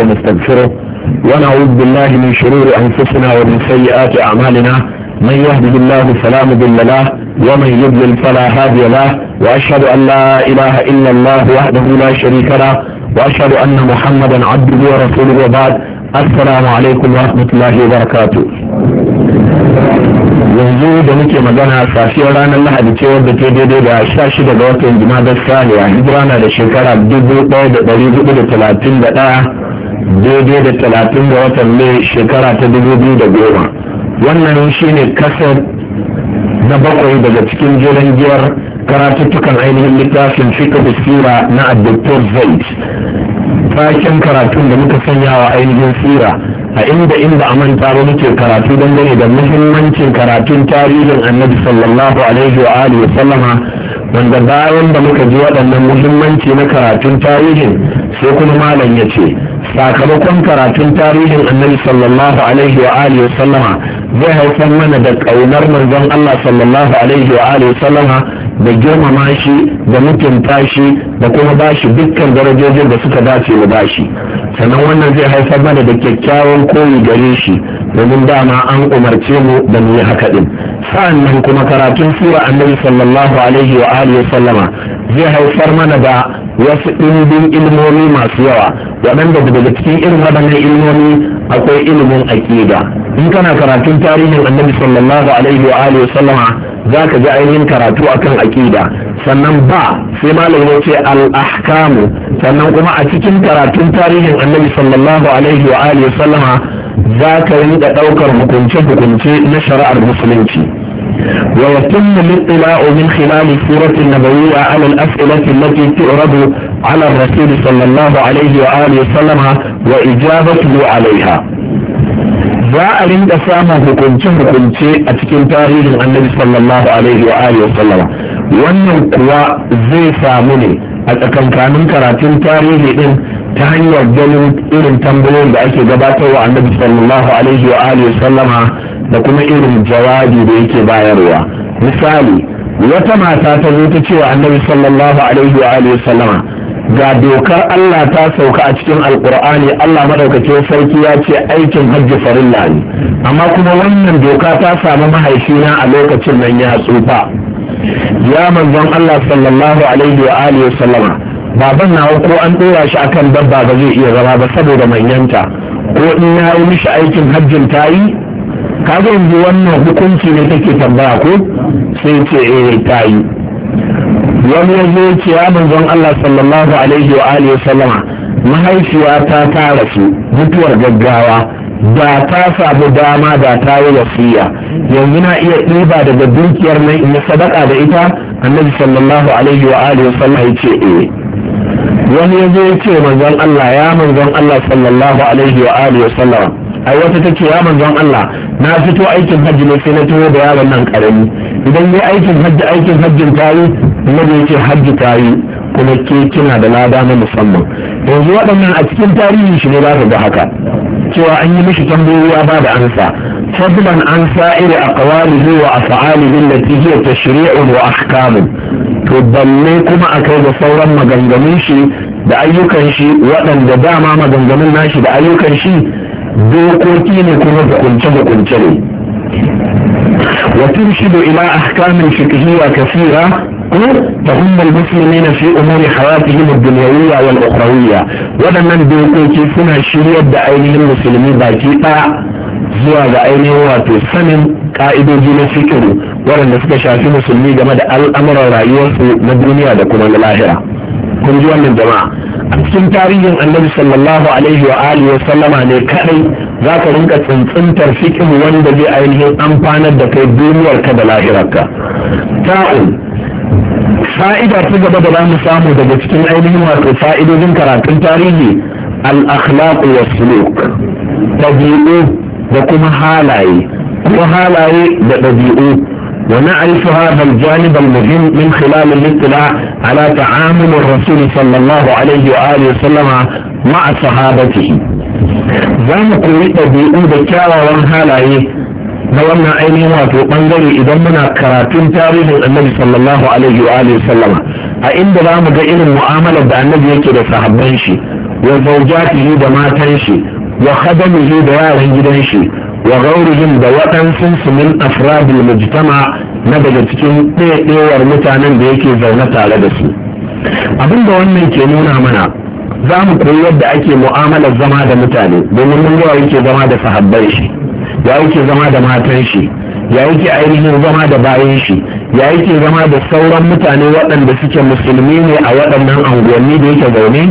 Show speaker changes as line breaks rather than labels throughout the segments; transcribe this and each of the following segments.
ونستغفره ونعوذ بالله من شرور أنفسنا ومن سيئات أعمالنا من يهده الله فلا مضل له ومن يضلل فلا هادي له وأشهد أن لا إله إلا الله وحده لا شريك له وأشهد أن محمدا عبده ورسوله وبعد السلام عليكم ورحمة الله وبركاته yanzu da muke magana safiyar ranar lahadi ce wadda ke daidai da sha shida ga watan jima'a da saniya hijira na da shekara dubu ɗaya da ɗari hudu da talatin da ɗaya daidai da talatin da watan mai shekara ta dubu biyu da goma wannan shine kasar na bakwai daga cikin jiran giyar karatuttukan ainihin littafin fika da sira na addoktor zaid taken karatun da muka sanya wa ainihin sira a inda inda a manta ba muke karatu dangane da muhimmancin karatun tarihin annabi sallallahu alaihi wa alihi wa sallama wanda bayan da muka ji waɗannan muhimmanci na karatun tarihin sai kuma malam ya ce sakamakon karatun tarihin annabi sallallahu alaihi wa alihi wa sallama zai haifar mana da kaunar manzon Allah sallallahu alaihi wa alihi wa sallama da girmama shi da mutunta shi da kuma bashi dukkan darajojin da suka dace da bashi sannan wannan zai haifar mana da kyakkyawan koyi gare shi domin dama an umarce mu da mu yi haka din sa'annan kuma karatun sura annabi sallallahu alaihi wa alihi wa sallama zai haifar mana da wasu ɗimbin ilmomi masu yawa waɗanda daga cikin irin waɗannan ilmomi akwai ilimin aƙida in kana karatun tarihin annabi sallallahu alaihi wa alihi za ka ji ainihin karatu akan aƙida sannan ba sai malam ya ce al-ahkamu sannan kuma a cikin karatun tarihin annabi sallallahu alaihi wa alihi za ka da ɗaukar hukunce-hukunce na shari'ar musulunci ويتم الاطلاع من خلال السورة النبوية على الأسئلة التي تعرض على الرسول صلى الله عليه وآله وسلم وإجابته عليها za a rinka samun hukunce-hukunce a cikin tarihin annabi sallallahu alaihi wa alihi wa sallama wannan kuwa zai samu ne a tsakankanin karatun tarihi din ta hanyar ganin irin tambayoyin da ake gabatarwa annabi sallallahu alaihi wa alihi wa sallama da kuma irin jawabi da yake bayarwa misali wata mata ta zo ta cewa annabi sallallahu alaihi wa alihi sallama ga dokar Allah ta sauka a cikin alkur'ani Allah maɗaukacin sarki ya ce aikin hajji farilla ne amma kuma wannan doka ta samu mahaifina a lokacin nan ya tsufa ya manzon Allah sallallahu alaihi wa alihi sallama baban nawa ko an dora shi akan dabba ba zai iya zama ba saboda manyanta ko in ya yi mishi aikin hajjin tayi kaga yanzu wannan hukunci ne take tambaya ko sai ce eh ta yi wani ya zo ce ya manzon Allah sallallahu alaihi wa alihi wa sallama mahaifiya ta tara su mutuwar gaggawa da ta samu dama da ta yi wasiya yanzu na iya ɗiba daga dukiyar nan in sadaka da ita annabi sallallahu alaihi wa alihi wa sallama ya ce eh wani ya zo ya ce manzon Allah ya manzon Allah sallallahu alaihi wa alihi wa sallama ai wata ta ce ya manzon Allah na fito aikin hajji ne sai na tuwo da yaron nan karami idan ne aikin hajji aikin hajjin tayi hajji tayi kuma ke kina da lada na musamman yanzu waɗannan a cikin tarihin shi ne za ga haka cewa an yi mishi tambayoyi ya bada ansa fadlan an sa'iri aqwalihi wa af'alihi allati ta tashri'un wa ahkamun to balle kuma kai da sauran maganganun shi da ayyukan shi waɗanda dama maganganun nashi da ayyukan shi dokoki ne kuma hukunce hukunce ne wasu shi ila ahkamin fiqhi wa kasira ko hmm? ta hummar musulmina fi umuri hayatihi na dunyawiya wal ukhrawiya wadannan dokoki suna shiryar da ainihin musulmi baki daya zuwa ga ainihin wato sanin ka'idoji na fikir waɗanda suka shafi musulmi game da al'amuran rayuwarsu na duniya da kuma na lahira kun ji wannan jama'a a cikin tarihin annabi sallallahu alaihi wa alihi wa sallama ne kadai za ka rinka tsuntsuntar fikin wanda zai ainihin amfanar da kai duniyar ka da lahirarka Ta'u fa'ida ta gaba da za mu samu daga cikin ainihin wato fa'idojin karatun tarihi al-akhlaq wa suluk dabi'u da kuma halaye ko halaye da dabi'u ونعرف هذا الجانب المهم من خلال الاطلاع على تعامل الرسول صلى الله عليه وآله وسلم مع صحابته zamu koyi ɗabi'u da kyawawan halaye na wannan ainihin wato ɓangare idan muna karatun tarihin annabi sallallahu alaihi wa sallama a inda za mu ga irin mu'amalar da annabi yake da sahabban shi wa zaujatihi da matan shi wa khadamihi da yaran gidan shi wa gaurihim da waɗansu su min afradul mujtama na daga cikin ɗaiɗewar mutanen da yake zaune tare da su abinda wannan ke nuna mana za mu koyi yadda ake mu'amalar zama da mutane domin mun ga yake zama da sahabbai shi ya yake zama da matan shi ya yake ainihin zama da bayan shi ya yake zama da sauran mutane waɗanda suke musulmi ne a waɗannan anguwanni da yake zaune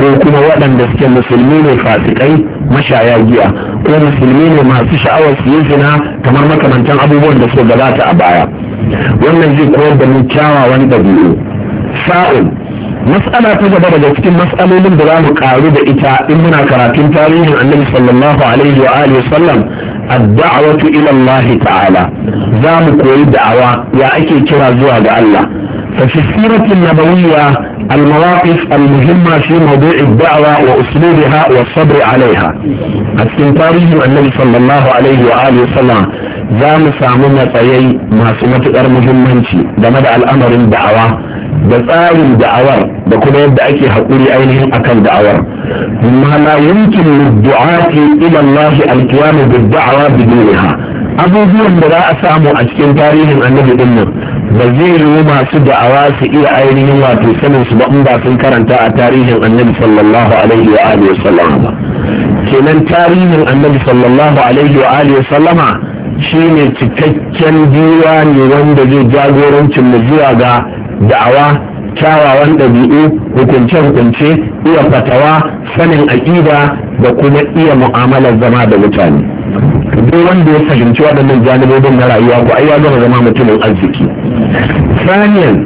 ko kuma waɗanda suke musulmi ne fasikai mashaya giya ko musulmi ne masu sha'awar su yi zina kamar makamantan abubuwan da suka gabata a baya wannan zai koyar da mu kyawawan ɗabi'u sa'un mas'ala ta gaba daga cikin mas'alolin da za mu karu da ita in muna karatun tarihin annabi sallallahu alaihi wa alihi sallam ad ila Allah ta'ala za mu koyi da'awa ya ake kira zuwa ga Allah fa fi siratin nabawiyya المواقف المهمة في موضوع الدعوة واسلوبها والصبر عليها التنطاري هو النبي صلى الله عليه وآله وسلم زام سامنا طيي ما سمت المهمة دمد الأمر الدعوة بسائل الدعوة بكل يد أكي حقولي أكل دعوة ما لا يمكن للدعاة إلى الله القيام بالدعوة بدونها أبو زيان براء سامو أشكين تاريخ النبي إنه ba zai yiwu masu da'awa su iya ainihin wato sanin su ba in ba sun karanta a tarihin annabi sallallahu alaihi wa alihi ba kenan tarihin annabi sallallahu alaihi wa alihi wasallama shine cikakken biwa ne wanda zai jagorancin mu zuwa ga da'awa kyawawan ɗabi'u hukunce-hukunce iya fatawa sanin aƙida da kuma iya mu'amalar zama da mutane to duk wanda ya fahimci waɗannan janibobin na rayuwa ko ai ya gama zama mutumin arziki saniyan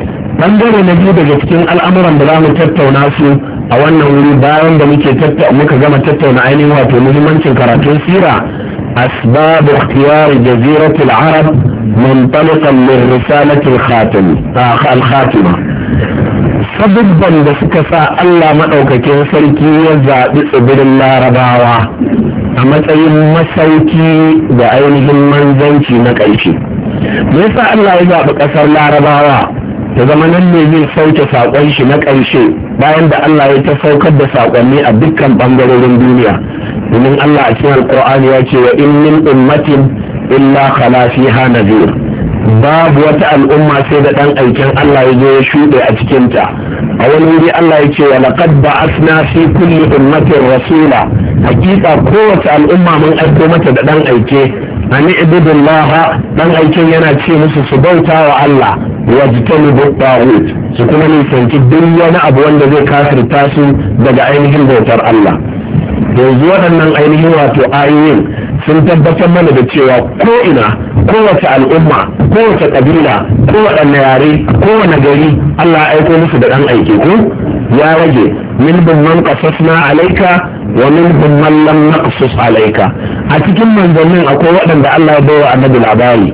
bangare na biyu daga cikin al'amuran da za mu tattauna su a wannan wuri bayan da muke muka gama tattauna ainihin wato muhimmancin karatun sira asbab ikhtiyar jaziratul arab منطلقا من رسالة الخاتم الخاتمة sabubban da suka sa Allah maɗaukakin sarki ya zaɓi tsibirin larabawa a matsayin masauki da ainihin manzanci na ƙarshe me sa Allah ya zaɓi ƙasar larabawa ta zama nan ne zai sauke saƙon shi na ƙarshe bayan da Allah ya ta saukar da saƙonni a dukkan ɓangarorin duniya domin Allah a cikin alƙur'ani ya ce wa in min ummatin illa khala fiha babu wata al'umma sai da ɗan aikin Allah ya zo ya shuɗe a cikinta a wani wuri Allah ya ce wa laqad ba'athna fi kulli ummatin rasula hakika kowace al'umma mun aiko mata da dan aike A ibudullah dan aike yana ce musu su bauta wa Allah wajtanibu taghut su kuma nisanci duk wani abu wanda zai kafirta su daga ainihin bautar Allah yanzu waɗannan ainihin wato ayoyin sun tabbatar mana da cewa ko'ina kowace al'umma kowace ƙabila kowaɗanne yare kowane gari allah aiko musu da ɗan aiki ko ya rage min bin man qasasna alaika. wa minhum man lam naqsus alayka a cikin manzannin akwai waɗanda Allah ya baiwa annabi labari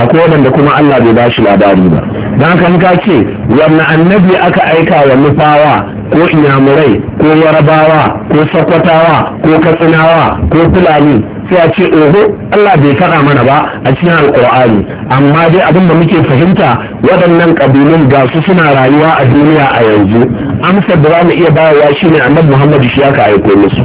akwai waɗanda kuma Allah bai ba shi labari ba Dan haka ka ce wannan annabi aka aika wa nufawa ko inyamurai ko yarabawa ko sakwatawa ko katsinawa ko fulani sai ce oho Allah bai faɗa mana ba a cikin alƙur'ani amma dai abin da muke fahimta waɗannan ƙabilun ga su suna rayuwa a duniya a yanzu amsar da za mu iya bayarwa ne annabi Muhammadu shi aka aiko musu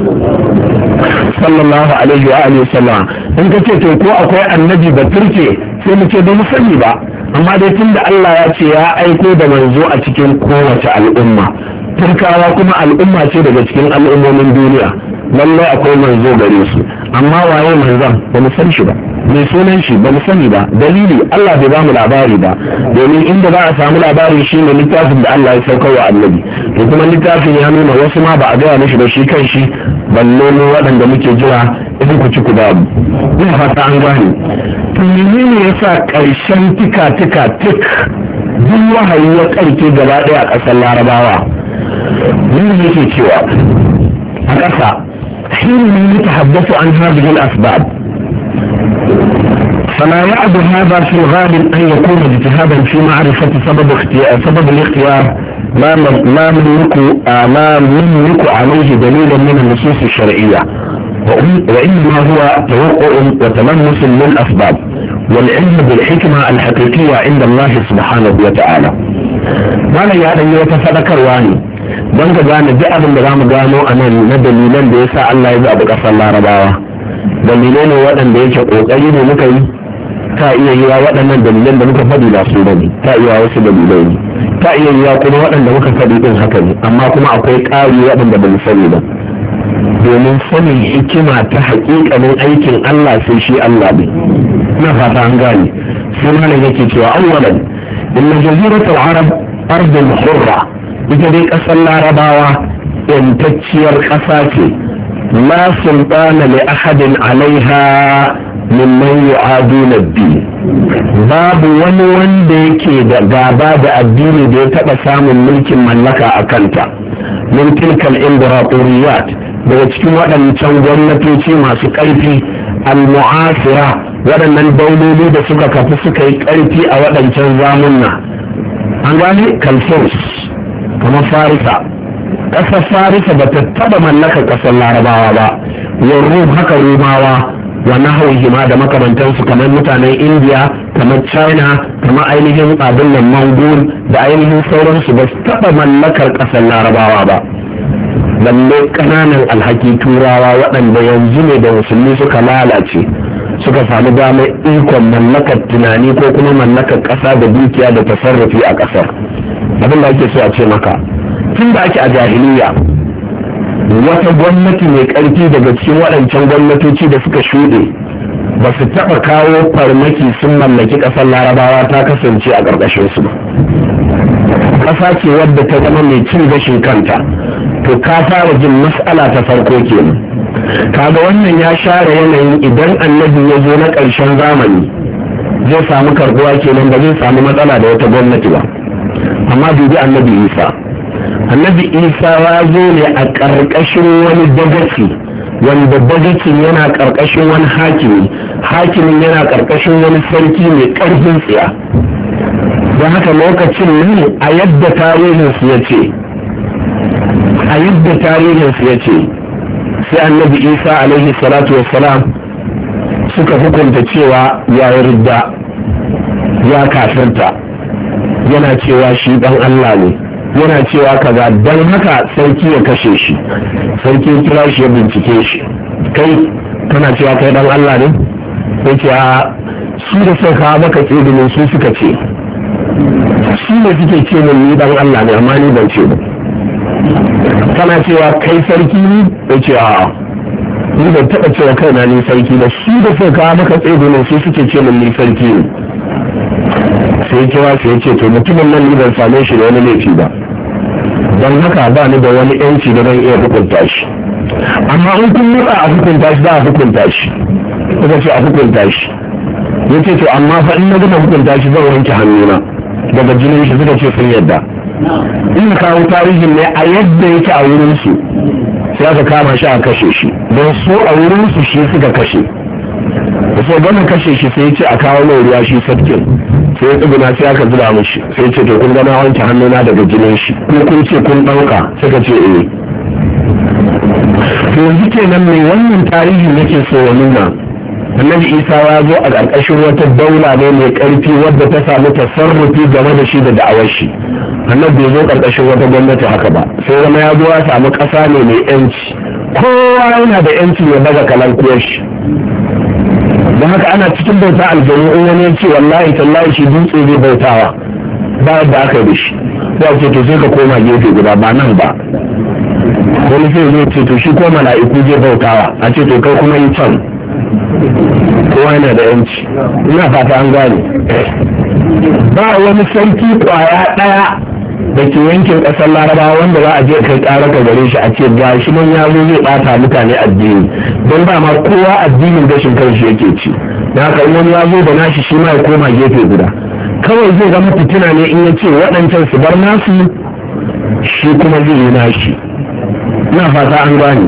sallallahu alaihi wa alihi sallam in kace to ko akwai annabi ba turke sai mu ce ba mu sani ba amma dai tunda Allah ya ce ya aiko da manzo a cikin kowace al'umma turkawa kuma al'umma ce daga cikin al'ummomin duniya lalle akwai manzo gare su amma waye manzon ba mu san shi ba mai sunan shi ba mu sani ba dalili Allah bai ba mu labari ba domin inda za a samu labari shi ne littafin da Allah ya sauka wa annabi to kuma littafin ya nuna wasu ma ba a gaya mishi ba shi kan shi balle mu waɗanda muke jira idan ku ci ku babu ina fata an gane to menene yasa ƙarshen tika tika tik duk wahayi ya ƙarke gaba ɗaya a ƙasar larabawa yanzu yake cewa a ƙasa حينما يتحدث عن هذه الأسباب فلا يعد هذا في الغالب أن يكون اجتهادا في معرفة سبب, اختيار سبب الاختيار ما ما نملك آه، ما نملك عليه دليلا من النصوص الشرعية وإنما هو توقع وتلمس للأسباب والعلم بالحكمة الحقيقية عند الله سبحانه وتعالى. ما لا يعني يتفكر واني don ka gane duk abin da za mu gano a nan na dalilan da ya sa Allah ya zaɓi ƙasar larabawa dalilai ne waɗanda yake ƙoƙari ne muka yi ta iya yiwa waɗannan dalilan da muka faɗi da su bane ta iya wasu dalilai ne ta iya yiwa kuma waɗanda muka faɗi ɗin haka ne amma kuma akwai ƙari waɗanda ba mu sani ba domin sanin hikima ta haƙiƙanin aikin Allah sai shi Allah ne na fata an gane sai ne yake cewa awwalan inna jaziratul arab ardul hurra ita dai ƙasar larabawa yantacciyar ƙasa ce la sultana li ahadin alaiha mimman yu'aduna bi babu wani wanda yake da gaba da addini da ya taɓa samun mulkin mallaka a kanta min tilkal imbiratoriyat daga cikin waɗancan gwamnatoci masu ƙarfi al-mu'asira waɗannan dauloli da suka kafi suka yi ƙarfi a waɗancan zamunna an gane kalfos kamar farisa ƙasar farisa ba ta taɓa mallakar ƙasar larabawa ba wa rum haka rumawa wa hima da makamantansu kamar mutanen indiya kamar china kamar ainihin abin nan mongol da ainihin sauransu ba su taɓa mallakar ƙasar larabawa ba lalle ƙananan alhaki turawa waɗanda yanzu ne da musulmi suka lalace suka samu damar ikon mallakar tunani ko kuma mallakar ƙasa da dukiya da tasarrufi a ƙasar abin da ake so a ce maka tun da ake a jahiliya wata gwamnati mai karfi daga cikin waɗancan gwamnatoci da suka shuɗe ba su taɓa kawo farmaki sun mallaki ƙasar larabawa ta kasance a ƙarƙashinsu ba ƙasa ce wadda ta zama mai cin gashin kanta to ka fara jin mas'ala ta farko kenan kaga wannan ya share yanayin idan annabi ya zo na ƙarshen zamani zai samu karbuwa kenan ba zai samu matsala da wata gwamnati ba amma dubi annabi isa annabi isa ya zo ne a ƙarƙashin wani dagaci wanda dagacin yana ƙarƙashin wani hakimi hakimin yana ƙarƙashin wani sarki mai ƙarfin tsiya don haka lokacin ne a yadda tarihinsu ya ce a yadda tarihinsu ya ce sai annabi isa alaihi salatu wassalam suka hukunta cewa ya ridda ya kafirta yana cewa shi dan Allah ne yana cewa kaza dan haka sarki ya kashe shi sarki ya kira shi ya bincike shi kai kana cewa kai dan Allah ne sai ce a su da suka ka maka tsibirin su suka ce shi ne suke ce min ni dan Allah ne amma ni ban ce ba kana cewa kai sarki ne sai ce a ni ban taba cewa kaina ni sarki ba su da suka ka maka tsibirin su suke ce min ni sarki ne sai kira sai ya ce to mutumin nan idan same shi da wani laifi ba don haka ba ni da wani yanci da zan iya hukunta shi amma in kun matsa a hukunta shi za a hukunta shi kuka ce a hukunta shi ya ce to amma fa in na gama hukunta shi zan wanke hannuna daga jinin shi suka ce sun yadda in kawo tarihin ne a yadda yake a wurinsu sai aka kama shi a kashe shi don su a wurinsu shi suka kashe da sai gama kashe shi sai ce a kawo mai ruwa shi sabkin sai tsuguna tsibina sai aka zuba mishi sai ce to kun gana wanke hannuna daga jinin shi ko kun ce kun ɗauka suka ce eh to yanzu kenan mai wannan tarihin nake so ya nuna annabi isa ya zo a ƙarƙashin wata daula ne mai ƙarfi wadda ta samu tasarrufi game da shi da da'awar shi annabi bai zo ƙarƙashin wata gwamnati haka ba sai zama ya zo ya samu ƙasa ne mai yanci kowa yana da yanci ya daga kalankuwar shi don haka ana cikin bauta aljanu in wani ya ce wallahi tallahi shi dutse zai bautawa ba da aka yi da shi ba ce to sai ka koma gefe guda ba nan ba wani sai zai ce to shi ko mala'iku zai bautawa a ce to kai kuma yi can kowa yana da yanci ina fata an gane ba wani sarki kwaya daya da ke yankin ƙasar larabawa wanda za a je kai ƙara gare shi a ce ga shi nan ya zo zai ɓata mutane addini don ba ma kowa addinin gashin kanshi yake ci da haka in wani ya zo da nashi shi ma ya koma gefe guda kawai zai zama fitina ne in ya ce waɗancan su bar nasu shi kuma zai yi nashi na fata an gane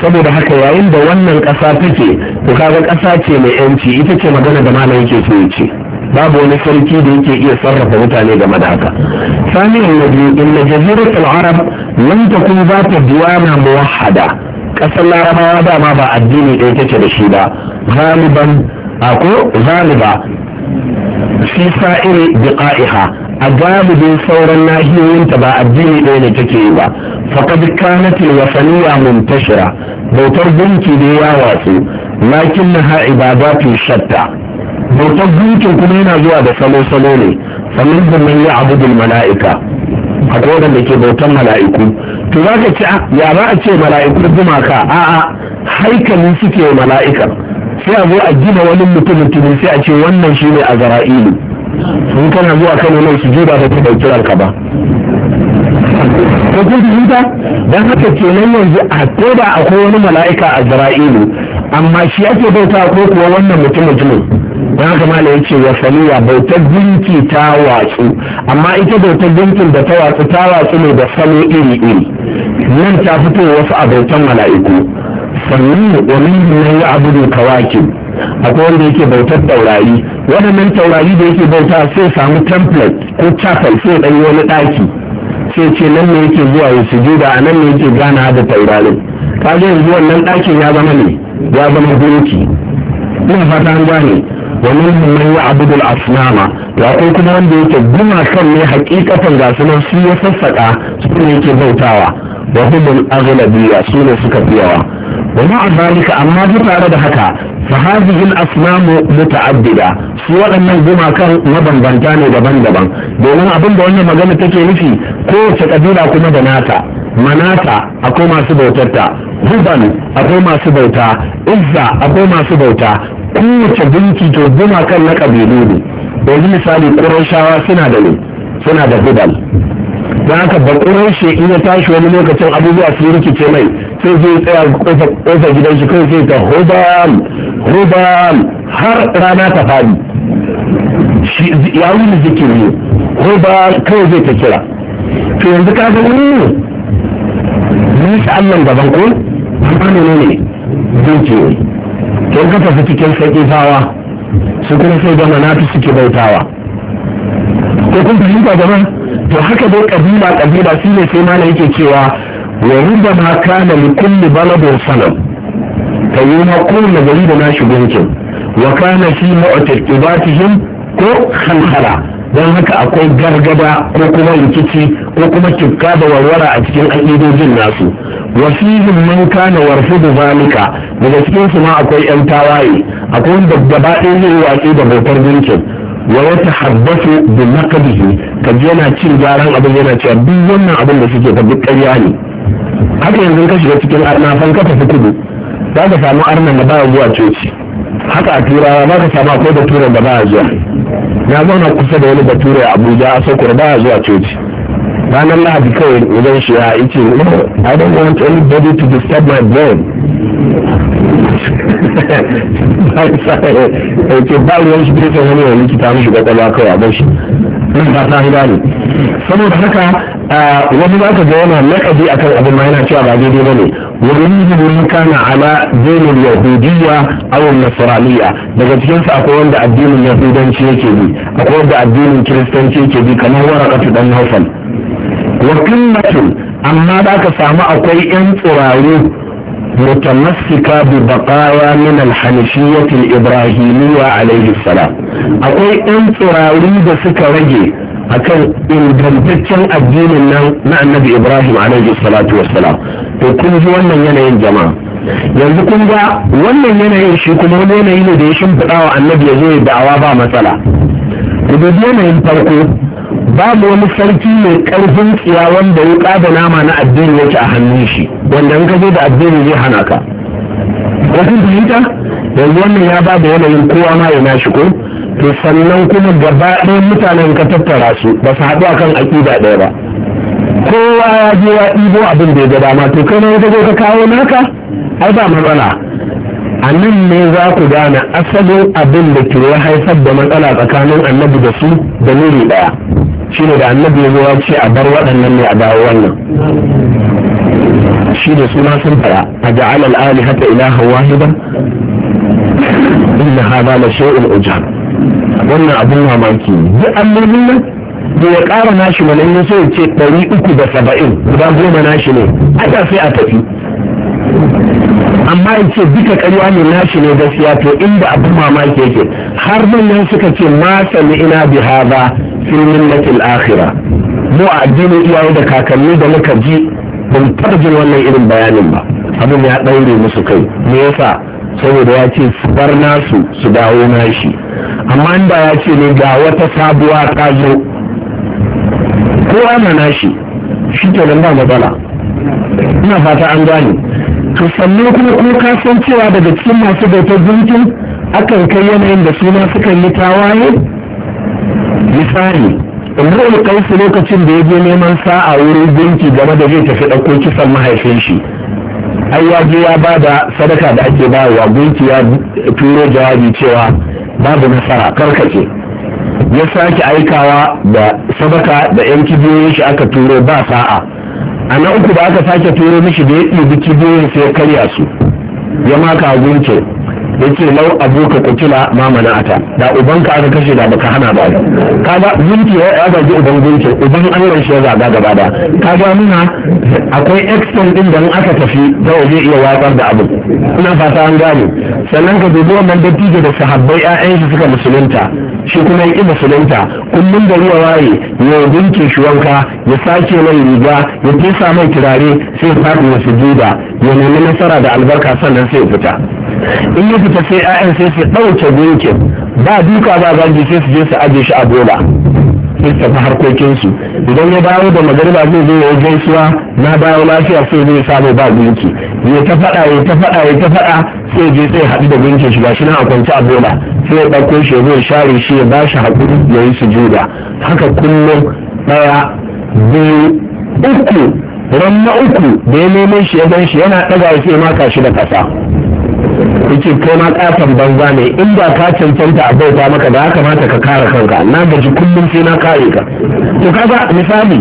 saboda haka yayin da wannan ƙasa take to kaga ƙasa ce mai yanci ita ce magana da malam yake so ya ce babu wani sarki da yake iya sarrafa mutane game da haka sani na biyu inna jazirat al-arab lam takun zata diwana muwahhada ƙasar larabawa dama ba addini ɗaya take da shi ba zaliban a ko zaliba fi sa'iri biqa'iha a galibin sauran nahiyoyinta ba addini ɗaya da take yi ba faqad kanat al muntashira bautar gunki da ya watsu lakinnaha ibadatu shatta bautar gunkin kuma yana zuwa da salo-salo ne famin da ya abudul mala'ika a da ke bautan mala'iku to za ka ci a, ah, ya za a ce mala'ikun gumaka a'a haikali suke mala'ika sai a zo a gina wani mutumin sai a ce wannan shi ne a zara'ilu in kana zuwa kano wani su juda ba ta kiran ranka ba ko kun fahimta don haka kenan yanzu a ko da akwai wani mala'ika a zara'ilu amma shi ake bauta ko kuwa wannan mutum mutumin dan haka mala ya ce bautar dinki ta watsu amma ita bautar dinkin da ta watsu ta watsu ne da salo iri iri nan ta fito wasu abautan mala'iku sannan wa min man ya'budu kawakib akwai wanda yake bautar taurari waɗannan taurari da yake bauta sai samu template ko chapel sai ɗan wani ɗaki sai ce nan ne yake zuwa ya sujuda a nan ne yake gana da taurari kaga yanzu wannan ɗakin ya zama ne ya zama gunki ina fata an gane wa minhum man ya'budu al-asnama ya akwai kuma wanda yake gumakan ne hakikatan ga su nan su ya sassaka su ne yake bautawa wa hudun aghlabiyya su ne suka fi yawa wa ma'a zalika amma duk tare da haka fa hadhihi asnamu muta'addida su waɗannan gumakan mabambanta ne daban-daban domin abin da wannan magana take nufi kowace kabila kuma da nata manata akwai masu bautarta huban akwai masu bauta izza akwai masu bauta kowace gunki to gumakan na kabilu ne yanzu misali ƙurashawa suna da ne suna da hubal don haka bakuran shi in ya tashi wani lokacin abubuwa sun rikice mai sai zai tsaya kofar gidan shi kai sai ta hudan hudan har rana ta fadi ya wuli ne hudan kai zai ta kira to yanzu ka ga wuri ne shi Allah gaban ko amma ne ne ne to ka tafi cikin sauƙi fawa su kuma sai gama na fi suke bautawa ko kun fahimta jama'a to haka dai kabila kabila shine sai mana yake cewa wa rubama kana li kulli baladin sanam ta yi ma kowane gari da nashi gunkin wa kana shi mu'taqibatihim ko khalkhala don haka akwai gargada ko kuma rikici ko kuma kikka da warwara a cikin aƙidojin nasu wasihim man kana warfudu zalika daga cikin su ma akwai yan tawaye akwai wanda gaba ɗaya zai yi watsi da bautar gunkin wa ya tahaddathu bi naqdihi kaji yana cin gyaran abin yana cewa duk wannan abin da suke duk ƙarya ne haka yanzu ka shiga cikin arna fan ka tafi kudu za ka samu arna da baya zuwa coci haka a turawa za ka samu akwai baturen da baya zuwa na zauna kusa da wani bature a abuja a sokoro baya zuwa coci ranar lahadi kawai wajen shi ya ice no i don't want anybody to disturb my brain ke ba ruwan shi bisa wani wani likita mishi kwakwalwa kawai a bashi nan ba ta hida ne saboda haka wani za ka ga yana lakabi kan abin ma yana cewa ba daidai ba ne wani ومنهم من كان على دين اليهودية أو النصرانية daga cikin akwai wanda addinin yahudanci yake bi akwai wanda addinin kiristanci yake bi kamar warakatu dan haufal wa amma da ka samu akwai yan tsiraru متمسكة ببقايا من الحنفية akwai yan السلام da suka rage سكرجي akan ingantaccen addinin nan na annabi ibrahim alaihi salatu wassalam to kun wannan yanayin jama'a yanzu kun ga wannan yanayin shi kuma wani yanayi ne da ya shimfiɗa wa annabi ya zo ya da'awa ba matsala ku dubi yanayin farko babu wani sarki mai karfin tsiya wanda ya da nama na addini yake a hannun shi wanda in ka je da addini zai hana ka wasu fahimta yanzu wannan ya ba da yanayin kowa ma ya nashi ko to sannan kuma gaba ɗaya mutanen ka tattara su ba su haɗu akan aƙida ɗaya ba kowa ya je ya ɗibo abin da ya ga dama to kai ne ka zo ka kawo naka ai ba matsala a nan ne za ku gane asalin abin da ke haifar da matsala tsakanin annabi da su da nuri ɗaya shine da annabi ya zo ya ce a bar waɗannan ne a dawo wannan shi da suna sun fara a ja'al al'ali hata ilaha wahida inna hada la shay'un ujab wannan abun mamaki duk annabin nan da ya ƙara nashi mana in so ya ce ɗari uku da saba'in guda goma nashi ne a da sai a tafi amma in ce duka ƙarya ne nashi ne gaskiya to inda abin mamaki yake har nan suka ce ma sami ina bi hada fil millatil akhirah mu a addinin iyaye da kakanni da muka ji ba mu jin wannan irin bayanin ba abin ya daure musu kai me yasa saboda ya ce su bar nasu su dawo nashi amma inda ya ce ne ga wata sabuwa ta zo ko ana nashi shi kenan ba matsala ina fata an gane to sannan kuma ko ka san cewa daga cikin masu bautar gunkin akan kai yanayin da su ma sukan yi tawaye misali kai kaisu lokacin da ya je neman sa'a wurin gunki game da zai tafi ɗauko kisan mahaifin shi ai ya je ya ba da sadaka da ake bayarwa gunki ya turo jawabi cewa babu nasara karkace ya sake aikawa da sadaka da yan kibiyoyin shi aka turo ba sa'a a na uku da aka sake turo mishi da ya ɗibi kibiyoyin sai ya karya su ya maka gunke. ya ce lau ka kukula ma mana'ata da ubanka aka kashe da baka hana ba kaga gunki ya zagi uban gunki uban allah shi ya zaga gaba da kaga nuna akwai extent din da aka tafi da waje zai iya watsar da abu ina fata an gane sannan ka dubi wannan dattijo da sahabbai 'ya'yan shi suka musulunta shi kuma ya ƙi musulunta kullum da ruwa waye ya gunke shi wanka ya sake mai riga ya tesa mai turare sai ya faɗi wasu juda ya nemi nasara da albarka sannan sai ya fita in yi fita sai 'ya'yan sai su ɗauke gunkin ba duka ba zagi sai su je su aje shi a bola sai su tafi harkokinsu idan ya dawo da magariba zai zo ya gaisuwa na dawo lafiya sai zai samu ba gunki ya ta faɗa ya ta faɗa ya ta faɗa sai je sai haɗu da gunkin shi gashi nan a kwance a bola sai ya ɗauko shi ya zo share shi ya ba shi haƙuri ya yi sujuda haka kullum ɗaya biyu uku ran na uku da ya neman shi ya gan shi yana ɗaga ya sai maka shi da ƙasa yake kai ma katon banza ne in ba ka cancanta a bauta maka da kamata ka kare kanka na gaji kullum sai na kare ka to kaga misali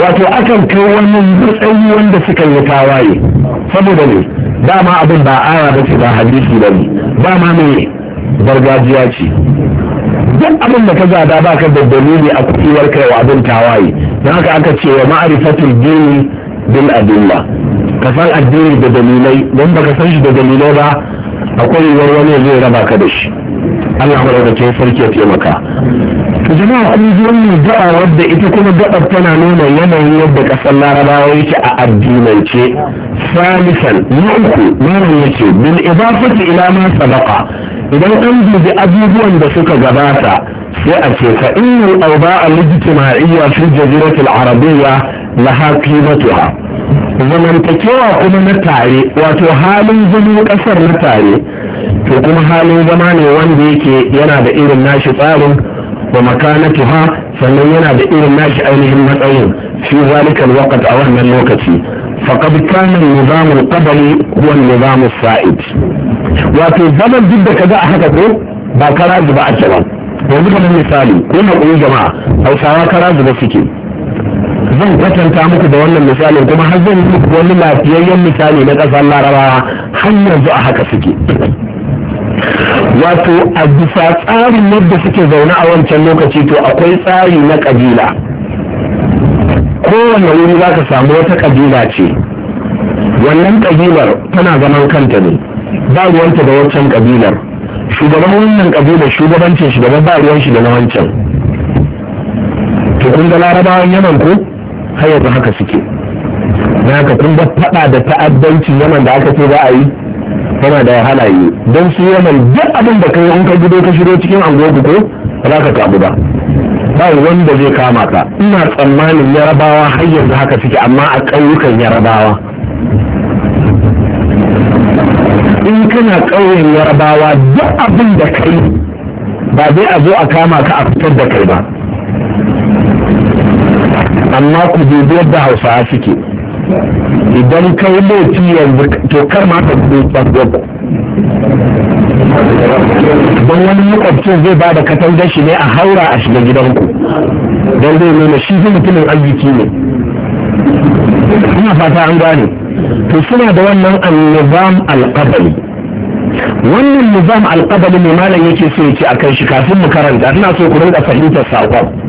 wato akan kai wani matsayi wanda suka yi tawaye saboda ne dama abin ba aya ba ce ba hadisi ba ne dama ne gargajiya ce duk abin da ka zada ba ka da dalili a kuɗiwar kai wa abin tawaye don haka aka ce wa ma'arifatul dini bil adilla ka san addini da dalilai don baka san shi da dalilai ba akwai yiwuwar wani zai raba ka da shi Allah madaukakin sarki ya taimaka to jama'a kun ji wannan da'a wadda ita kuma gabar tana nuna yanayin yadda kasar larabawa yake a addinance salisan na uku malam yake bil idafati ila ma sabaqa idan an dubi abubuwan da suka gabata sai a ce fa innal awba'a al-ijtima'iyya fi jaziratil arabiyya laha qimatuha zamantakewa kuma na tare wato halin zama kasar na tare to kuma halin zama ne wanda yake yana da irin nashi tsarin wa ba sannan yana da irin nashi ainihin matsayin fi zalikal waqt a wannan lokaci faqad kana nizam al-qabli huwa an-nizam said wato zaman duk da kaga a haka ko ba kara ba a ba yanzu kamar misali ko na jama'a hausawa kara zuba suke zan kwatanta muku da wannan misalin kuma har zan muku wani lafiyayyen misali na ƙasar larabawa har yanzu a haka suke wato a bisa tsarin yadda suke zaune a wancan lokaci to akwai tsari na ƙabila kowane wuri za ka samu wata ƙabila ce wannan ƙabilar tana zaman kanta ne ba ruwanta da wancan ƙabilar shugaban wannan ƙabilar shugabancin shugaban ba ruwan shi da na wancan to kun ga larabawan yaman ko har yanzu haka suke na haka kun faɗa da ta'addanci yaman da aka ce za a yi yana da wahala yi don su yaman duk abin da kai in ka gudo ka shigo cikin anguwarku ko ba za ka kamu ba ba wanda zai kama ka ina tsammanin yarabawa har yanzu haka suke amma a ƙauyukan yarabawa in kana ƙauyen yarabawa duk abin da kai ba zai a zo a kama ka a fitar da kai ba amma ku dubi yadda hausawa suke idan kai laifi yanzu to kar ma ka dubi bangon don wani makwabcin zai ba da katangar shi ne a haura a shiga gidanku don zai nuna shi mutumin arziki ne ina fata an gane to suna da wannan annizam alƙabali wannan nizam alƙabali ne malam yake so ya ce a kan shi kafin mu karanta ina so ku rinka fahimtar saƙon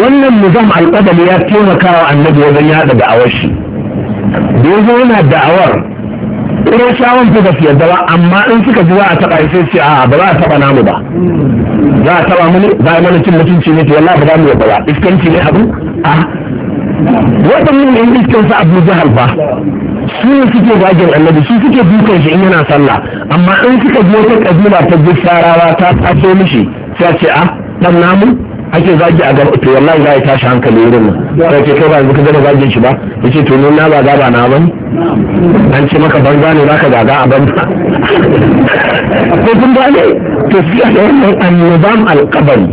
wannan muzam alƙadari ya taimaka wa annabi wajen yada da'awar shi da yana da'awar irin shawon fi ba su ba amma in suka ji za a taɓa sai ce a ba za a taɓa namu ba za a taɓa mini za a mana cin mutunci ne to wallahi ba za mu yarda ba iskanci ne abu a waɗannan ne iskansa abu jahal ba su ne suke zagin annabi su suke dukan shi in yana sallah amma in suka ji wata kabila ta gusarawa ta taso mishi sai a ce a ah, dan namu ake zagi a gaba to wallahi za ya tashi hankali wurin nan sai ce kai ba yanzu ka gama zagin shi ba yace to na ba za ba na bane an ce maka banza ne zaka gaga a banza ko kun gane to fiya da wannan annabam alqabari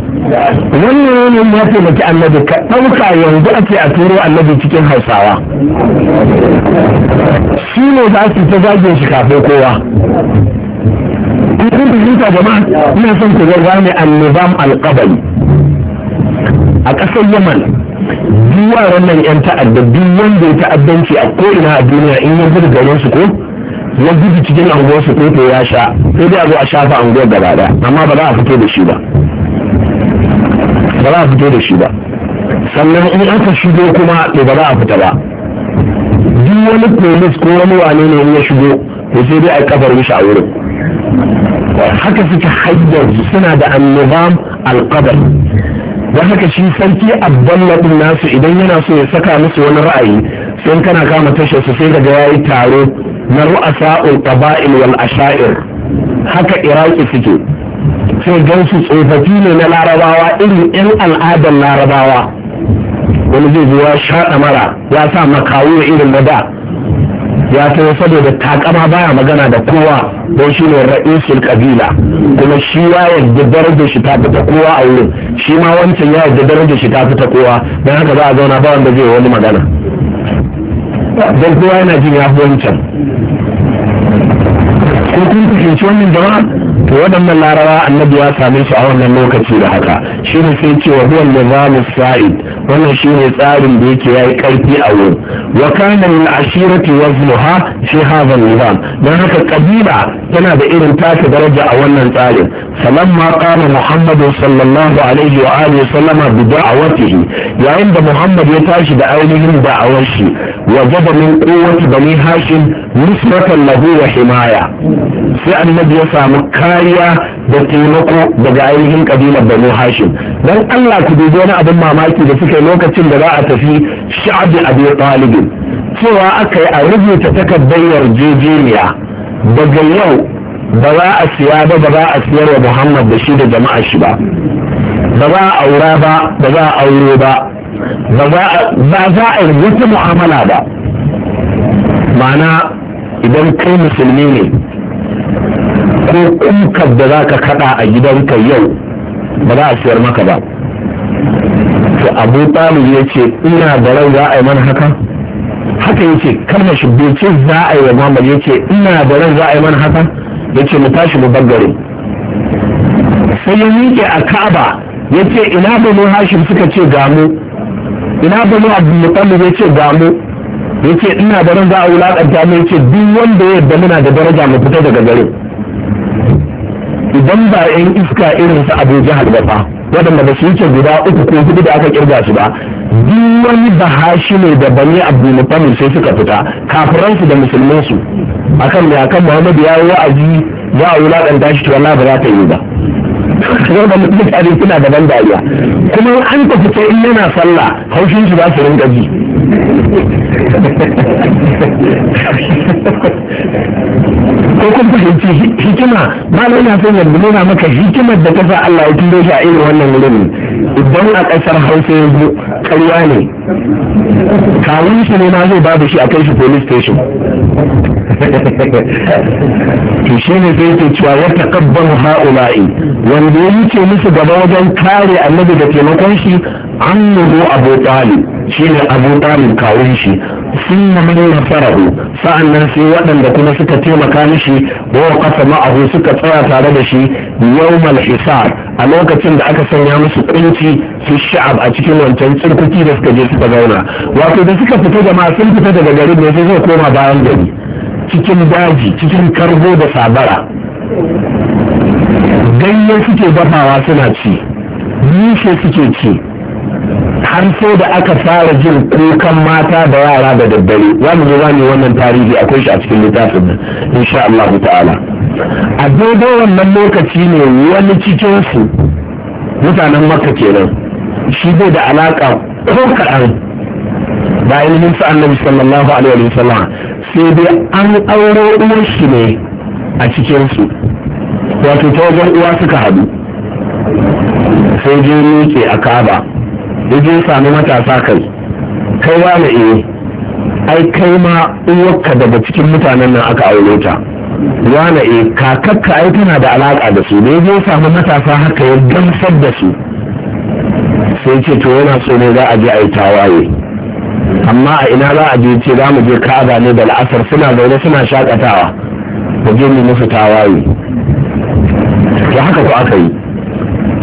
wannan ne ya ce maki annabi ka dauka yanzu ake a turo annabi cikin hausawa shi ne za su ta zagin shi kafin kowa kun fahimta jama'a ina son ku ga gane annabam alqabari a ƙasar yaman duwa wannan 'yan ta'adda duk wanda ya ta'addanci a ko'ina a duniya in ya gudu garin su ko ya gudu cikin anguwar su ko ya sha sai dai a zo a shafa anguwar gaba daya amma ba za a fito da shi ba ba za a fito da shi ba sannan in aka shigo kuma to ba za a fita ba duk wani polis ko wani wane ne ya shigo to sai dai a kafar mishi a wurin haka suke hayyar suna da annobam alkabar don haka shi sarki abdallah nasu idan yana so ya saka musu wani ra'ayi sai kana kama tashar su sai daga yayi taro na ru'asa'ul qaba'il wal asha'ir haka iraki suke sai gan su tsofaffi ne na larabawa irin yan al'adar larabawa wani zai zo ya mara ya sa makawo irin na da ya taho saboda takama baya magana da kowa don shi ne ra'isul kabila kuma shi ya yarda daraja shi ta fita kowa a wurin shi ma wancan ya yarda daraja shi ta fita kowa don haka za a zauna ba wanda zai wani magana don kowa yana jin ya wancan ko kun fahimci wannan jama'a to waɗannan larawa annabi ya same su a wannan lokaci da haka shi ne sai cewa huwa nizamu sa'id wannan shi ne tsarin da yake yayi karfi a wurin wa kana min ashirati waznuha fi hadha nizam dan haka kabila yana da irin taka daraja a wannan tsarin falamma qama Muhammadu sallallahu alaihi wa alihi sallama bi da'awatihi yayin da muhammad ya tashi da ainihin da'awar shi wajaba min quwwati bani hashim nusratan lahu wa himaya sai annabi ya samu kariya da taimako daga ainihin kabilar bani hashim dan Allah ku dubi wani abin mamaki da suka lokacin da za a tafi sha'abi abi talib cewa aka yi a rubuta takardar yarjejeniya daga yau ba za a siya ba ba za a siyar wa muhammad da shi da jama'a shi ba ba za a aura ba ba za a aure ba ba za a yi wata mu'amala ba ma'ana idan kai musulmi ne ko kukar da za ka kada a gidanka yau ba za a siyar maka ba to abu talib ya ce ina da rai za a yi mana haka haka yake kalmar shi bai ce za a yi mamar yake ina da ran za a yi mana haka yace mu tashi mu bangare sai ya miƙe a ka'aba yace ina da mu hashim suka ce ga mu ina banu abdulmutallib ya ce ga mu ya ce ina da ran za a wulaƙanta mu ya duk wanda ya yarda muna da daraja mu fita daga garin idan ba yan iska irin su abu jihar ba fa waɗanda ba su ce guda uku ko hudu da aka kirga su ba duk wani bahashi ne da bani abdulmutamil sai suka fita kafiransu da musulmansu akan mai akan muhammadu ya yi wa'azi za a wulaƙanta shi to wallahi ba za ta yi ba da mutane suna daban dariya kuma an tafi ta in yana sallah haushin shi ba su rinka ji ko kun fahimci hikima malam yana son yadda nuna maka hikimar da ta sa Allah ya tundo shi a irin wannan wurin idan a ƙasar Hausa ya zo karuwa ne kawun shi ne ma zai babu shi a kai shi police station to shi ne sai ke cewa ya takabban ha'ula'i wanda ya wuce musu gaba wajen kare annabi da taimakon shi an nuno abu talib shi ne abu talib kawun shi sun man nasarahu sa'annan sai waɗanda kuma suka taimaka mishi wa kasa ma'ahu suka tsaya tare da shi yau hisar a lokacin da aka sanya musu kunci su sha'ab a cikin wancan tsirkuki da suka je suka zauna wato da suka fita da sun fita daga garin ne sai zai koma bayan gari cikin daji cikin karbo da sabara Ganyen suke dafawa suna ci nishe suke ci har sai da aka fara jin kukan mata da yara da daddare za mu zo za wannan tarihi akwai shi a cikin littafin nan insha Allah ta'ala a daidai wannan lokaci ne wani cikin su mutanen makka kenan shi bai da alaka ko kaɗan da ilimin sa annabi sallallahu alaihi wa sallam sai dai an aure uwar shi ne a cikin su wato ta wajen uwa suka haɗu sai je ne ke a kaba ya je sami matasa kai kai wani eh ai kai ma uwarka daga cikin mutanen nan aka aure ta wani eh kakakka ai tana da alaka da su da ya sami matasa haka ya gamsar da su sai ce to yana so ne za a je a yi tawaye amma a ina za a je ce za mu je kaza ne da la'asar suna zaune suna shakatawa mu je mu musu tawaye to haka ko aka yi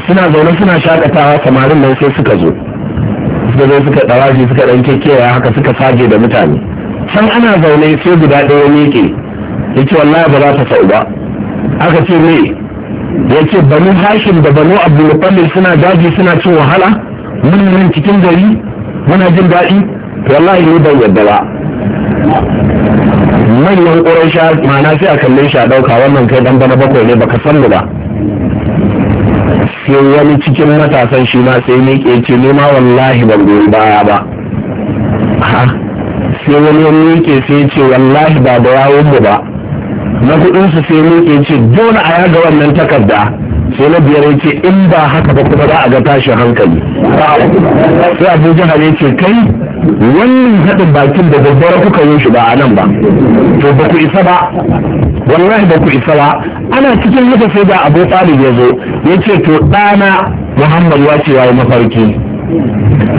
suna zaune suna shakatawa samarin nan sai suka zo suka zo suka ɗawashi suka ɗan kekewa haka suka saje da mutane can ana zaune sai guda ɗaya miƙe ya ce wallahi ba za ta sau ba aka ce me ya ce banu hashim da banu abdulmuttalib suna daji suna cin wahala mun nan cikin gari muna jin daɗi wallahi ni ban yadda ba manyan ƙuran sha ma'ana sai a kalle shi a ɗauka wannan kai ɗan bana bakwai ne baka san mu ba sai wani cikin matasan shi ma sai ke ce nema wallahi ban goyi baya ba sai wani ya miƙe sai ce wallahi ba da yawon ba na kuɗinsu su sai ke ce dole a yaga wannan takarda sai na biyar ce in ba haka ba kuma za a ga tashin hankali sai abu jihar ya ce kai wannan haɗin bakin da daddare kuka yi shi ba a nan ba to ba ku isa ba wallahi da ku isa ba ana cikin haka sai da abu talib ya zo ya ce to ɗana muhammad ya ce yayi mafarki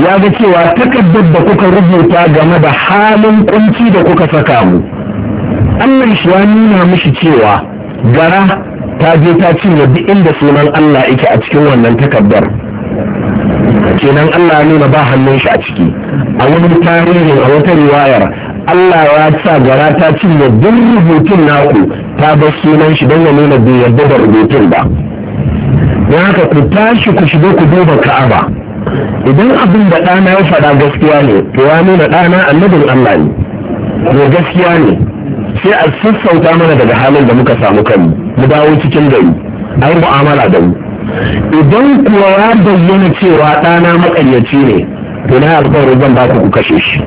ya ga cewa takardar da kuka rubuta game da halin kunci da kuka saka mu allah shi ya nuna mishi cewa gara ta je ta cinye duk inda sunan allah yake a cikin wannan takardar kenan allah nuna ba hannun shi a ciki a wani tarihin a wata riwayar Allah ya sa gara ta cinye duk rubutun naku ta bar sunan shi don ya nuna bai yarda da rubutun ba Ya haka ku tashi ku shigo ku duba ka'aba idan abin da ɗana ya faɗa gaskiya ne to ya nuna ɗana annabin Allah ne me gaskiya ne sai a sassauta mana daga halin da muka samu kanmu mu dawo cikin gari a yi mu'amala da mu idan kuwa ya bayyana cewa ɗana maƙaryaci ne to na alƙawarin zan ba ku kashe shi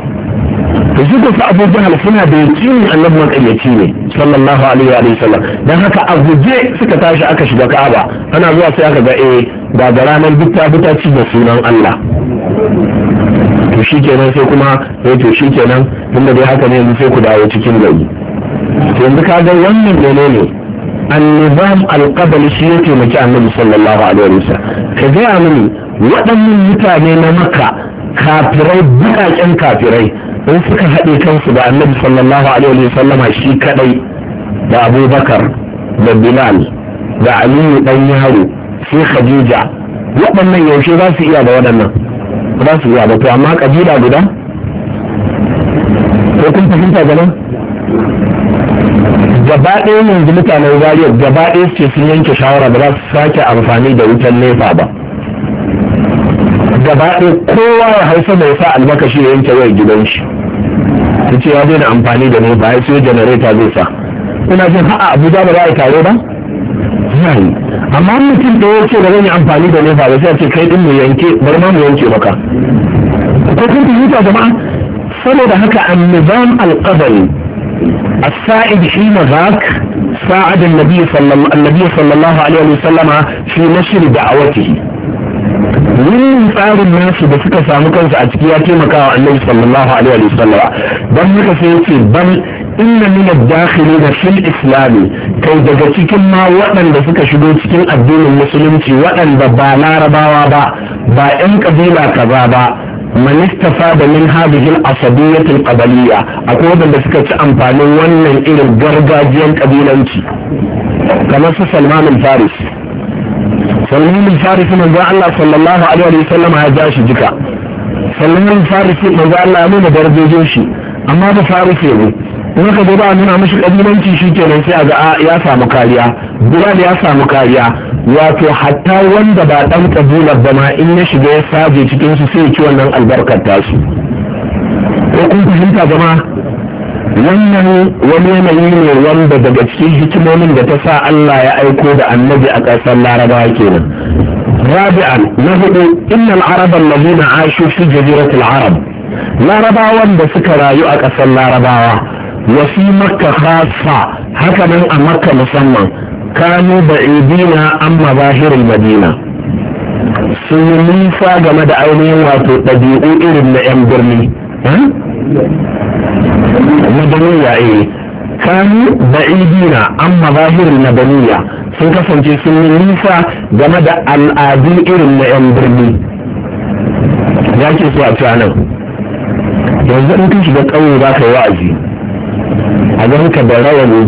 to shi kusa Abu Jahal suna da yakini annabi makaryaci ne sallallahu alaihi wa sallam don haka a guje suka tashi aka shiga Ka'aba ana zuwa sai aka ga eh ga da ranar bita bita ci da sunan Allah to shi kenan sai kuma sai eh, to shi kenan tunda dai haka ne yanzu sai ku dawo cikin gari to yanzu ka ga wannan menene annizam alqabali shi yake mace annabi sallallahu alaihi wa sallam ka gaya mini waɗannan mutane na maka kafirai bukaken kafirai in suka haɗe kansu da annabi sallallahu alaihi wa sallama shi kadai da abubakar da bilal da aliyu dan yaro sai khadija waɗannan yaushe za su iya da waɗannan za su iya da to amma kabila guda ko kun fahimta gaba gaba ɗaya yanzu mutanen zariya gaba ɗaya suke sun yanke shawara ba za su sake amfani da wutan nefa ba gaba ɗaya kowa ya hausa mai sa almakashi ya yanke wayar gidan shi su ce ya daina amfani da ne ba ya siyo janareta zai sa ina jin ha'a abuja ba za a taro ba zai amma mutum da ya ce da zan yi amfani da ne ba sai a ce kai din mu yanke bari ma mu yanke maka ko kun fahimta jama'a saboda haka annizam al-qadari السائد حين ذاك ساعد النبي صلى, النبي صلى الله عليه وسلم في نشر wannan tsarin nasu da suka samu kansu a ciki ya taimaka wa annabi sallallahu alaihi wa sallam dan haka sai yace ban inna min ad-dakhilin fil islam kai daga cikin ma waɗanda suka shigo cikin addinin musulunci waɗanda ba larabawa ba ba yan kabila kaza ba man da min hadhihi al-asabiyyah al-qabaliyya akwai waɗanda suka ci amfanin wannan irin gargajiyan kabilanci kamar su Salman al-Faris salman bin farisi manzo Allah sallallahu alaihi wa sallam ya ja shi jika salman bin farisi manzo Allah ya nuna darajojin shi amma ba farisi ne in ka ba nuna mashi kabilanci shi kenan sai a ga ya samu kariya bilal ya samu kariya wato hatta wanda ba dan kabilar ba ma in ya shiga ya saje cikin su sai ya ci wannan albarkar tasu ko kun fahimta jama'a wannan wani yanayi ne wanda daga cikin hikimomin da ta sa Allah ya aiko da annabi a ƙasar larabawa kenan rabi'an na hudu innal arab allazina ashu fi jaziratil arab larabawan da suka rayu a ƙasar larabawa wa fi makka khassa haka nan a makka musamman kanu ba'idina Amma, mazahirin madina sun yi nisa game da ainihin wato ɗabi'u irin na 'yan birni madaniya eh kanu ba'idina an mazahirin madaniya sun kasance sun yi nisa game da al'adu irin na 'yan birni ya ke so a nan, yanzu in kan shiga ƙauye ba ka yi wa'azi a ga ka da rawani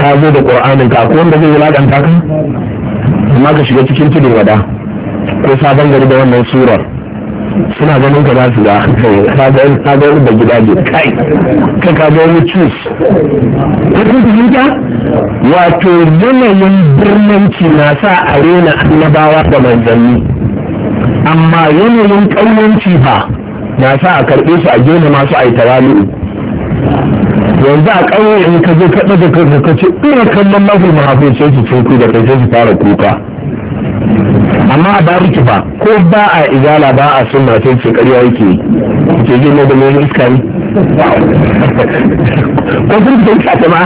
ka zo da ƙur'anin ka ko wanda zai wulaƙanta ka amma ka shiga cikin tudun wada ko sabon gari da wannan surar suna ganin ka za su ga da gida da kai ka ka wani cus ka kun fahimta wato yanayin birnanci na sa a rena annabawa da manzanni amma yanayin ƙauyanci ba na sa a karɓe su a gina masu a yi yanzu a ƙauye in ka zo ka ɗaga kanka ka ce ina kallon mafi mahaifin sai su cinku da kai sai su fara kuka amma a bariki ba ko ba a izala ba a sunna sai ce ƙarya yake ke ji na da mai iska ne ko sun fi ta ma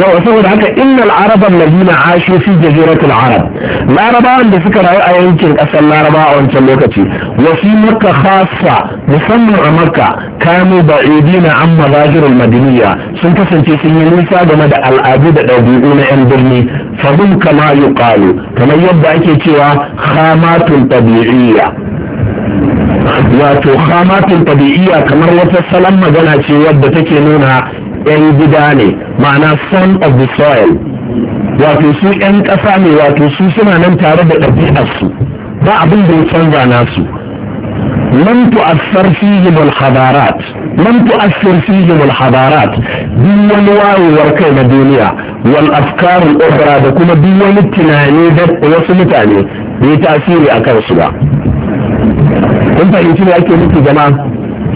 yawa saboda haka innal araban ladina ashu fi jaziratul arab larabawan da suka rayu a yankin ƙasar laraba a wancan lokaci wasu makka khassa musamman a makka kanu ba'idina an mazajirul madiniya sun kasance sun yi nisa game da al'adu da ɗabi'u na 'yan birni fahim kama yuqalu kamar yadda ake cewa khamatun tabi'iyya wato khamatun tabi'iyya kamar wata salon magana ce wadda take nuna yan gida ne ma'ana son of the soil wato su yan ƙasa ne wato su suna nan tare da ɗabi'arsu ba abin da ya canza nasu lam tu'assar fihim al-hadarat lam tu'assir fihim al-hadarat duk wani wayewar kai na duniya wal afkarul ukhra da kuma duk wani tunani da wasu mutane bai tasiri a kansu ba kun fahimci ne ake nufi zama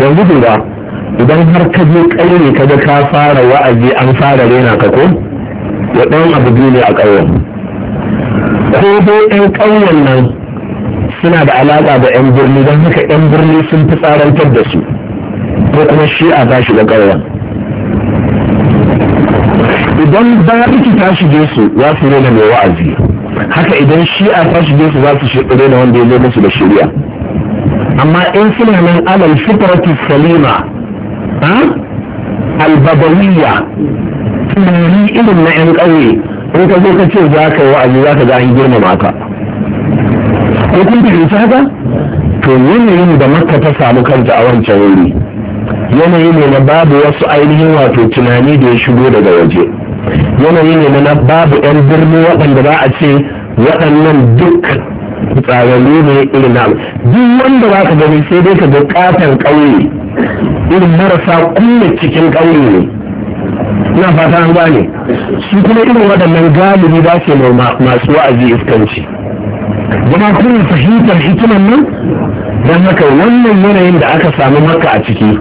yanzu duba idan har ka je ƙauye ka ga ka fara wa'azi an fara rena ka ko ya ɗan abu biyu ne a ƙauyen ko dai 'yan ƙauyen nan suna da alaƙa da 'yan birni don haka 'yan birni sun fi tsarantar da su ko kuma shi'a ba shi da ƙauyen idan bariki ta shige su za su rena mai wa'azi haka idan shi'a ta shige su za su rena wanda ya zo musu da shari'a amma in suna nan alal fitrati salima albabawiyya tunani irin na yan ƙauye in ka zo ka ce za ka yi wa'azi za ka an girmama ka ko kun fahimci haka to yanayin da maka ta samu kanta a wancan wuri yanayi ne na babu wasu ainihin wato tunani da ya shigo daga waje yanayi ne na babu 'yan birni waɗanda za a ce waɗannan duk tsararru ne irin na duk wanda za ka gani sai dai ka ga katon ƙauye irin marasa kulle cikin ƙauye ne na fata an gane su kuma irin waɗannan galibi ba ce masu wa'azi iskanci kuma kuma fahimtar hikiman nan don haka wannan yanayin da aka samu maka a ciki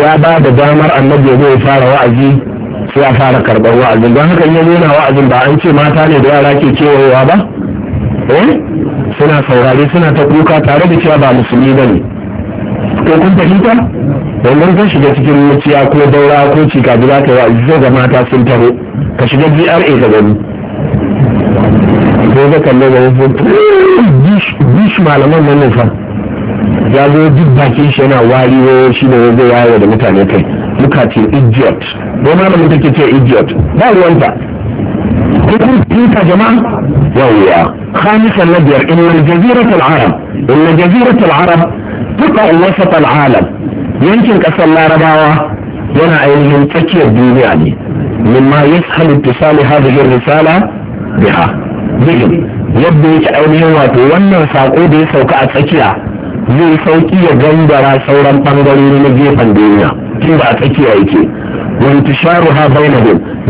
ya ba da damar annabi ya fara wa'azi sai a fara karɓar wa'azin don haka ya nuna wa'azin ba an ce mata ne da yara ke kewayewa ba eh suna saurare suna ta kuka tare da cewa ba musulmi ba ne ko kun fahimta wannan zan shiga cikin muciya ko daura ko cika za ka yi wa'azi zai ga mata sun taho ka shiga gra ka gani ko ga kalle ga wasu bish malaman nan nufa ya zo duk bakin shi yana wariwo shi ne zai yawo da mutane kai muka ce idiot ko malamin take ce idiot ba ruwanta كيف جماعة وهو خامسا نبير ان جزيرة العرب ان جزيرة العرب تقع وسط العالم يمكن كسر العرباوة ينا ايهم تكي الدين يعني مما يسهل اتصال هذه الرسالة بها بهم يبدو يتعيني واتو وانا ساقو دي سوكا اتسكيا زي سوكي يجندر سورا بانغولين نجيبا دينيا jira tsakiya yake wani tisharu ha bai na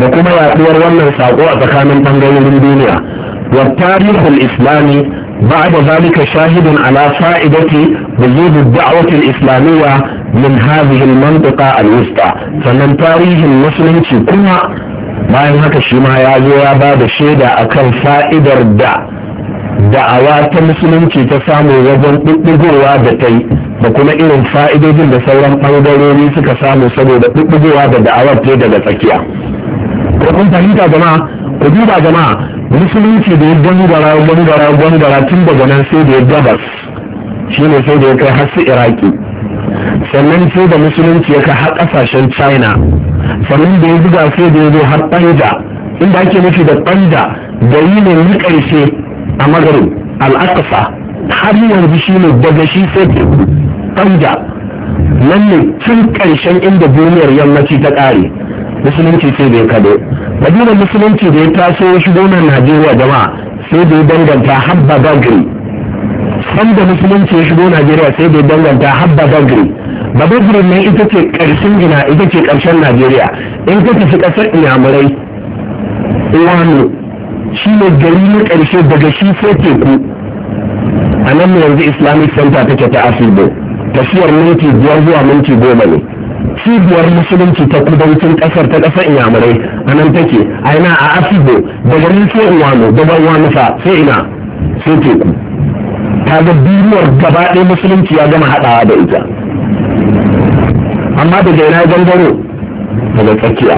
da kuma yaduwar wannan sako a tsakanin bangarorin duniya wa tarihul islami ba da zalika shahidun ala fa'idati da zubu da'awatin islamiyya min hazihin mantuka al'usta sannan tarihin musulunci kuma bayan haka shi ma ya zo ya ba da shaida akan fa'idar da da'awa ta musulunci ta samu wajen ɗiɗɗigowa da ta yi da kuma irin fa'idojin da sauran ɓangarori suka samu saboda ɗiɗɗigowa da da'awar ta daga tsakiya ko kun fahimta jama'a ku duba jama'a musulunci da ya gangara gangara gangara tun daga nan sai da ya gabas Shi ne sai da ya kai har su iraki sannan sai da musulunci ya kai har ƙasashen china sannan da ya buga sai da ya zo har ɓanja inda ake nufi da ɓanja yi ne ni ƙarshe a magrib al'akasa har yanzu shi ne daga shi sai tanja nan ne cin ƙarshen inda duniyar yammaci ta ƙare musulunci sai da ya kado madina musulunci da ya taso ya shigo nan najeriya jama'a sai da ya danganta habba San da musulunci ya shigo najeriya sai da ya danganta habba bagri babagri nan ita ce ƙarshen gina ita ce ƙarshen najeriya in ka tafi ƙasar inyamurai uwanu shi ne gari na ƙarshe daga shi sai teku a nan yanzu islamic center take ta asibo tafiyar minti biyar zuwa minti goma ne cibiyar musulunci ta kudancin ƙasar ta ƙasar inyamurai a nan take a ina a asibo daga nan sai inwano daga inwano fa sai ina sai teku ta ga duniyar gaba ɗaya musulunci ya gama haɗawa da ita amma daga ina gangaro daga tsakiya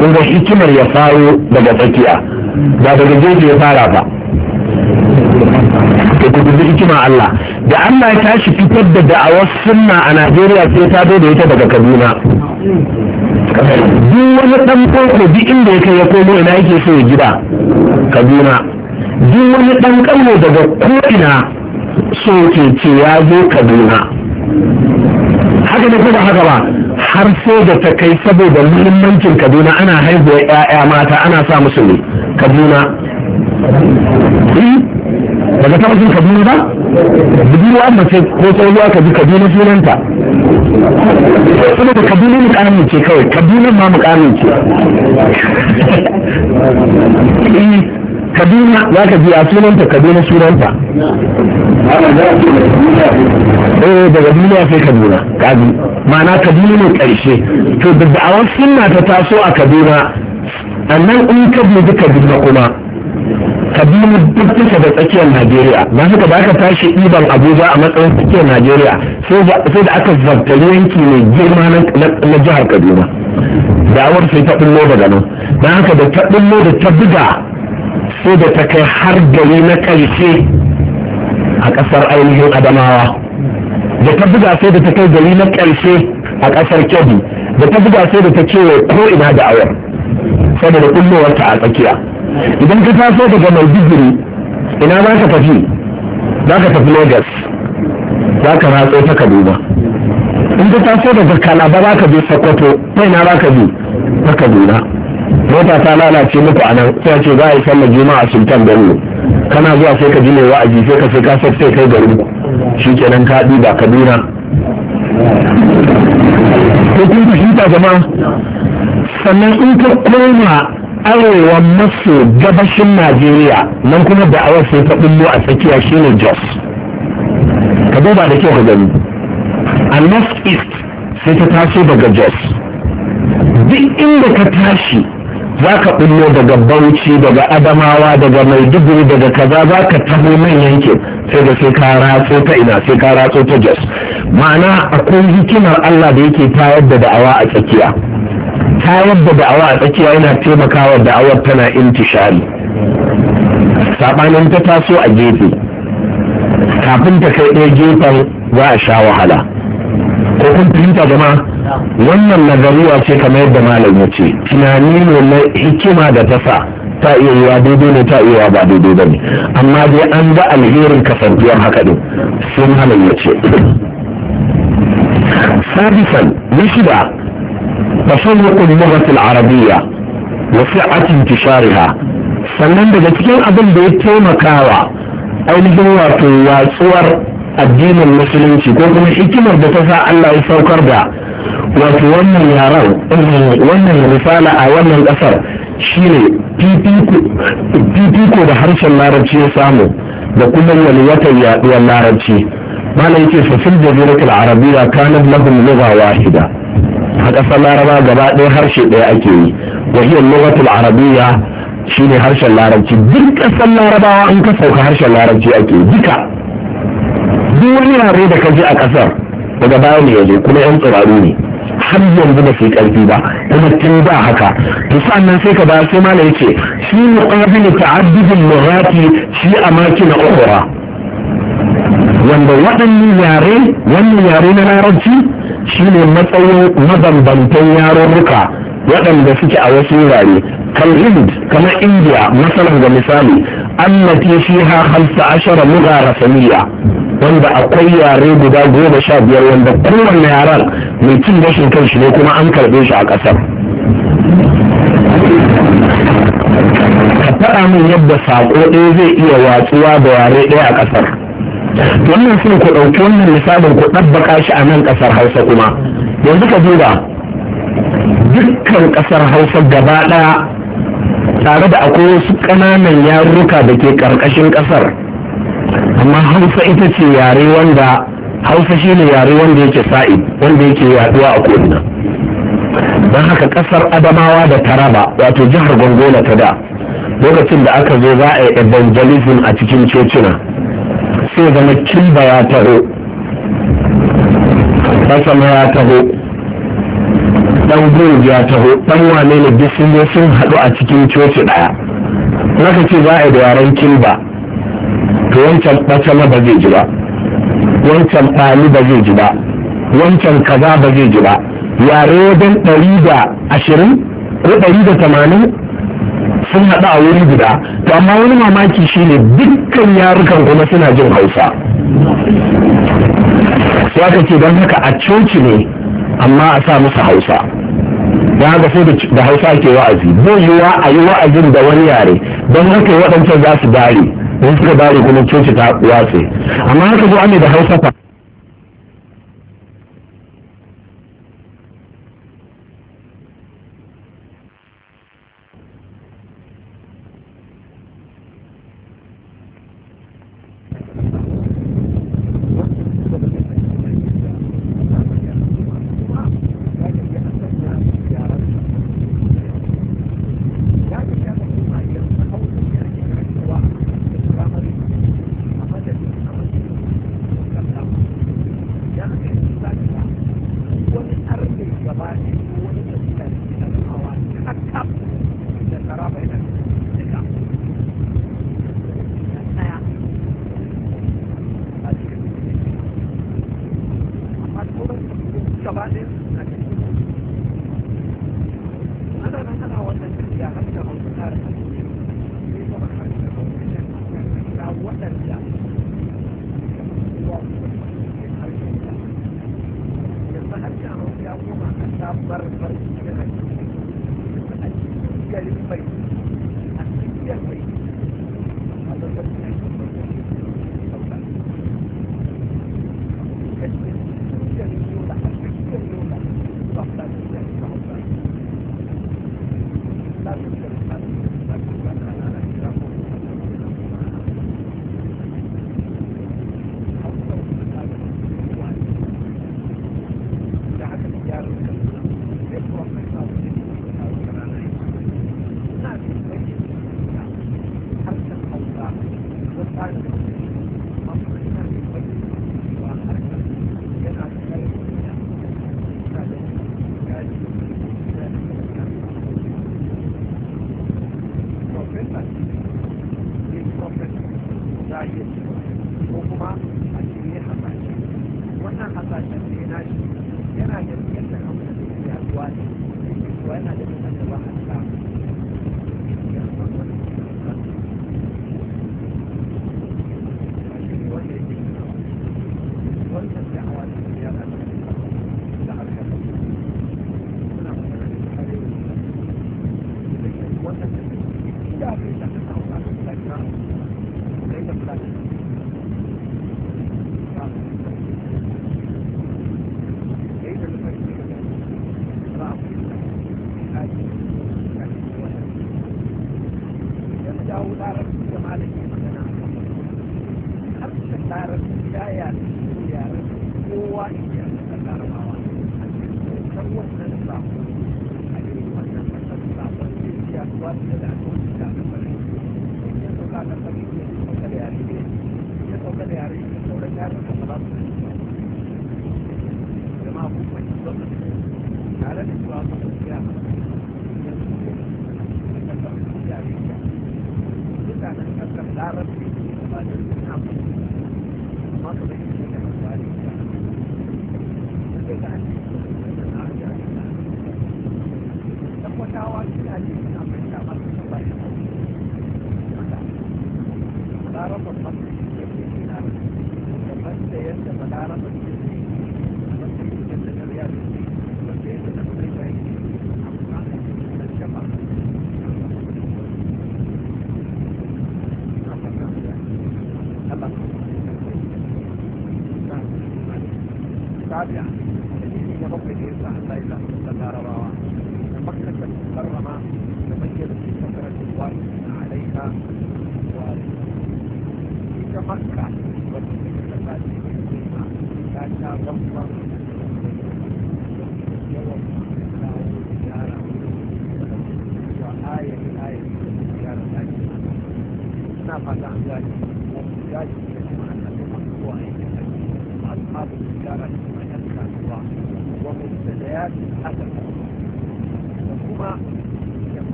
kun ga hikimar ya faro daga tsakiya ba daga gefe ya fara ba da ku guji hikima Allah da Allah ya tashi fitar da da'awar sunna a Najeriya sai ta zo da ita daga Kaduna duk wani dan koko duk inda ya kai ya komo ina yake so ya gida Kaduna duk wani dan kallo daga ko'ina so ke ce ya zo Kaduna haka ne kuma haka ba har sai da ta kai saboda muhimmancin Kaduna ana haihuwa 'ya'ya mata ana sa musu ne kaduna daga eh? ka taɓa jin kaduna ba an mace ko tsohuwa ka ji kaduna sunanta saboda kaduna mukamin ce kawai kaduna ma mukamin ce eh, kaduna za ka ji a sunanta kaduna sunanta eh daga duniya sai kaduna kaji ma'ana kaduna mai karshe to da da'awar sunna ta taso a kaduna annan in ka bi dubi kaduna kuma kaduna duk take da tsakiyar najeriya ba haka ba aka tashi ɗiban abuja a matsayin tsakiyar najeriya sai da aka zartari yanki mai girma na jihar kaduna da'awar sai ta ɓullo daga nan don haka da ta ɓullo da ta buga sai da ta kai har gari na ƙarshe a ƙasar ainihin adamawa da ta buga sai da ta kai gari na ƙarshe a ƙasar kebbi da ta buga sai da ta ce ko ina da'awar saboda kullowarta a tsakiya idan ka taso daga maiduguri ina za ka tafi za ka tafi lagos za ka ratso ta kaduna in ka taso daga kalaba za ka je sokoto ta ina za ka je ta kaduna mota ta lalace muku a nan sai ce za a yi sallar juma'a sultan bello kana zuwa sai ka ji mai wa'azi sai ka sai ka sai kai garin shi shi kenan ka ba kaduna ko kun fahimta jama'a sannan in ka koma arewa maso gabashin najeriya nan kuma da'awar sai ta bullo a tsakiya shine jos ka duba da kyau ka gani a north east sai ta taso daga jos duk inda ka tashi za ka bullo daga bauchi daga adamawa daga maiduguri daga kaza za ka taho nan yankin sai da sai ka ratso ta ina sai ka ratso ta jos ma'ana akwai hikimar allah da yake tayar da da'awa a tsakiya tayar da da'awa a tsakiya yana taimakawa da'awar tana intishari saɓanin ta taso a gefe kafin ta kai ɗaya gefen za a sha wahala ko kun fahimta jama'a wannan nazariya ce kamar yadda malam ya ce tunani ne na hikima da ta sa ta iya yiwa daidai ne ta iya ba daidai ba ne amma dai an ga alherin kasantuwar haka ɗin sun malam ya ce Sabisan na shida تفوق اللغة العربية وسعة انتشارها sannan daga cikin abin da ya taimakawa ainihin wato watsuwar addinin musulunci ko kuma hikimar da ta sa Allah ya saukar da wato wannan yaran wannan risala a wannan kasar shine fifiko da harshen larabci ya samu da kuma walwatar yaduwar larabci malam yake fasil jaziratul arabiya kanat lahum lugha wahida a ƙasar laraba gaba ɗaya harshe ɗaya ake yi wa hiya lugatul shine harshen larabci duk ƙasar larabawa in ka sauka harshen larabci ake duka duk wani yare da ka ji a ƙasar daga baya ne yaje kuma yan tsiraru ne har yanzu ba sai yi ƙarfi ba kuma tun ba haka to sannan sai ka ba sai malam yace shi muqabilu ta'addudul lughati shi amakin ukhra wanda waɗannan yare wannan yare na larabci shine matsayin mabambantan yarurruka waɗanda suke a wasu wurare kal kamar india masalan ga misali annati fiha khamsa ashara mugara rasmiya wanda akwai yare guda goma sha biyar wanda kowanne yaren mai cin gashin kanshi ne kuma an karɓe shi a ƙasar ka faɗa min yadda saƙo ɗaya zai iya watsuwa da yare ɗaya a ƙasar wannan sun ku ɗauki wannan misalin ku ɗabbaka shi a nan ƙasar hausa kuma yanzu ka duba dukkan ƙasar hausa gaba ɗaya tare da akwai wasu ƙananan yarurruka da ke ƙarƙashin ƙasar amma hausa ita ce yare wanda hausa shi yare wanda yake sa'i wanda yake yaduwa a ko'ina don haka ƙasar adamawa da taraba wato jihar gongola ta da lokacin da aka zo za a yi evangelism a cikin cocina sai zama kilba ya taho kasama ya taho dan gurbi ya taho dan wane ne duk sun sun haɗu a cikin coci ɗaya naka ce za a yi da yaren kilba to wancan ɓacama ba zai ji ba wancan ɓali ba zai ji ba wancan kaza ba zai ji ba yare wajen ɗari da ashirin ko ɗari da tamanin sun haɗu a wuri guda to amma wani mamaki shine dukkan yarukan kuma suna jin hausa su aka ce don haka a coci ne amma a sa musu hausa don haka sai da hausa ke wa'azi zai yiwa a yi wa'azin da wani yare don haka waɗancan za su dare don suka dare kuma coci ta watse amma haka zo ame da hausa fa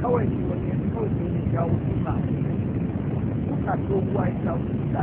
kawai wani kawai sun jawo suka suka doguwa ya jawo suka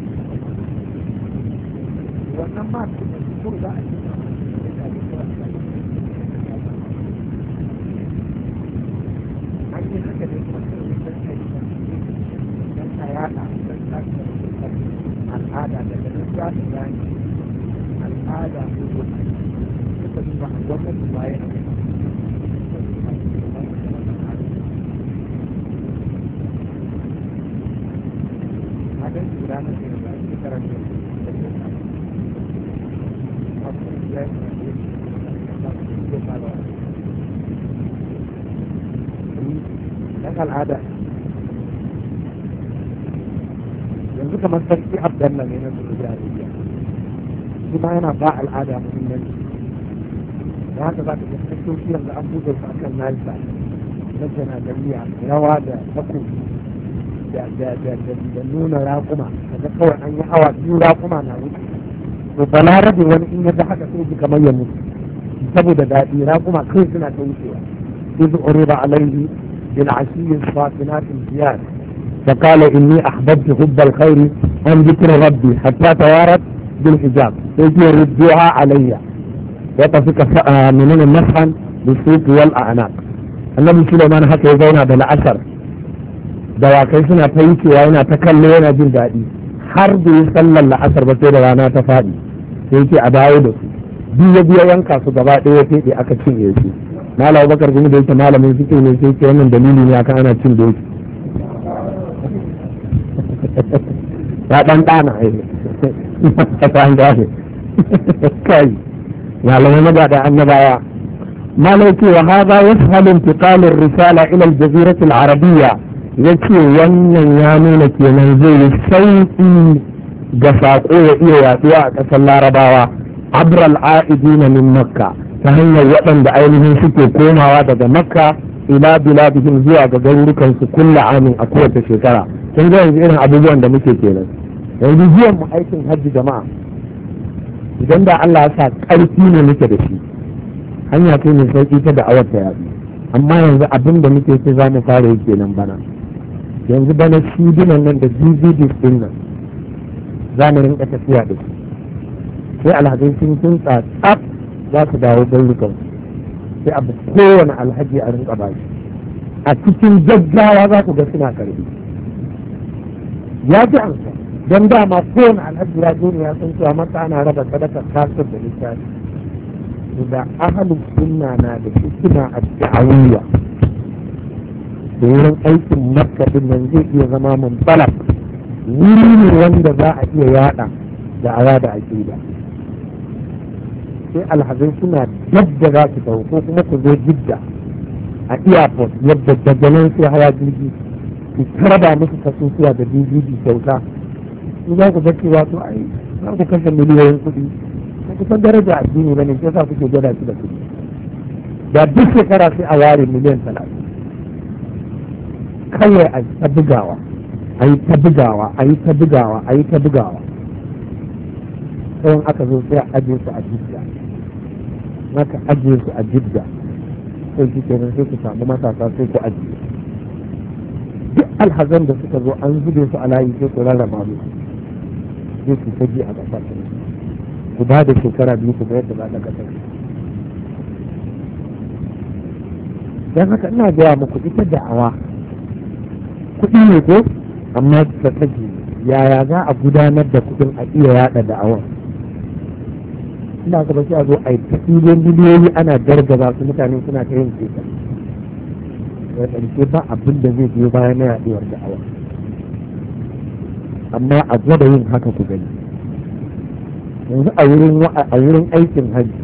wannan ma su ko za a yi
باع العالم نعم. في المنزل وهذا بعد ان التوفير لانبوذ الفاكهه المال بعد نجنا جميعا لو هذا تقول لنون راقما هذا قول ان يحوى دون راقما نعود ربما ردي وان ان يضحك سيدي كما يموت بسبب ذاتي راقما كيسنا توفير اذ عرض عليه بالعشي الصافنات الزياد فقال اني احببت حب الخير عن ذكر ربي حتى توارت bil hijab sai ke rudduha alayya wata suka mashan da suku wal a'naq annabi haka ya zauna da la'asar dawakai suna ta yana ta kallo yana jin daɗi har da ya sallar la'asar ba sai da rana ta faɗi sai a dawo da su yanka su gaba ɗaya ya aka bakar kuma da wannan dalili cin ya ɗan ɗana an gane kai malamai baya annabawa malaki wa haza yashhalu intiqalur risala ila jaziratul arabiya al-arabiyya yace wannan ya nuna kenan zai yi sauki ga saƙo ya iya yaduwa a ƙasar larabawa abral a'idina min makka ta hanyar waɗanda ainihin suke komawa daga makka ila biladihim zuwa ga garurukan su kulla amin a kowace shekara kun ga yanzu irin abubuwan da muke kenan yanzu zuwan mu aikin hajji jama'a idan da Allah ya sa ƙarfi ne muke da shi hanya ce mai sauƙi ta da awar ta yaɗu amma yanzu abin da muke ce za mu fara yi kenan bana yanzu bana shi nan nan da dvd din nan za mu rinka tafiya da su sai alhazai sun sun tsaf za su dawo garurukan sai abu kowane alhaji a rinka ba shi a cikin gaggawa za ku ga suna karbi ya ji an don dama kowane alhaji ya duniya sun ya cewa ana raba sadakar kasar da littafi da ahalin sunna na da hikima a da'awiyya da wurin aikin makadin nan zai iya zama mun balak wuri ne wanda za a iya yada da ke da sai alhazai suna yadda za su tawo ko kuma ku zo jidda a airport yadda daga nan sai haya jirgi ku taraba musu kasusuwa da dvd kyauta In za ku ga cewa to ai za ku kashe miliyoyin kuɗi ba ku san daraja addini ba ne sai sa kuke gwada su da kuɗi da duk shekara sai a ware miliyan talatin kawai a yi ta bugawa a yi ta bugawa a yi ta bugawa a yi ta bugawa sai aka zo sai a ajiye su a jidda naka ajiye su a jidda sai shi kenan sai ku samu matasa sai ku ajiye duk alhazan da suka zo an zube su a layi sai ku rarraba musu zai ku saji a ƙasa ku ba da shekara biyu ku bayar yadda ba da ƙasar don haka ina gaya muku ita da'awa kuɗi ne ko amma ta tsage yaya za a gudanar da kuɗin a iya yaɗa da'awa ina gaba shi a zo a yi tafiyan biliyoyi ana gargaza su mutane suna ta yin ba abin da zai biyo bayan na yaɗuwar da'awa amma a gwada yin haka ku gani yanzu a wurin aikin hajji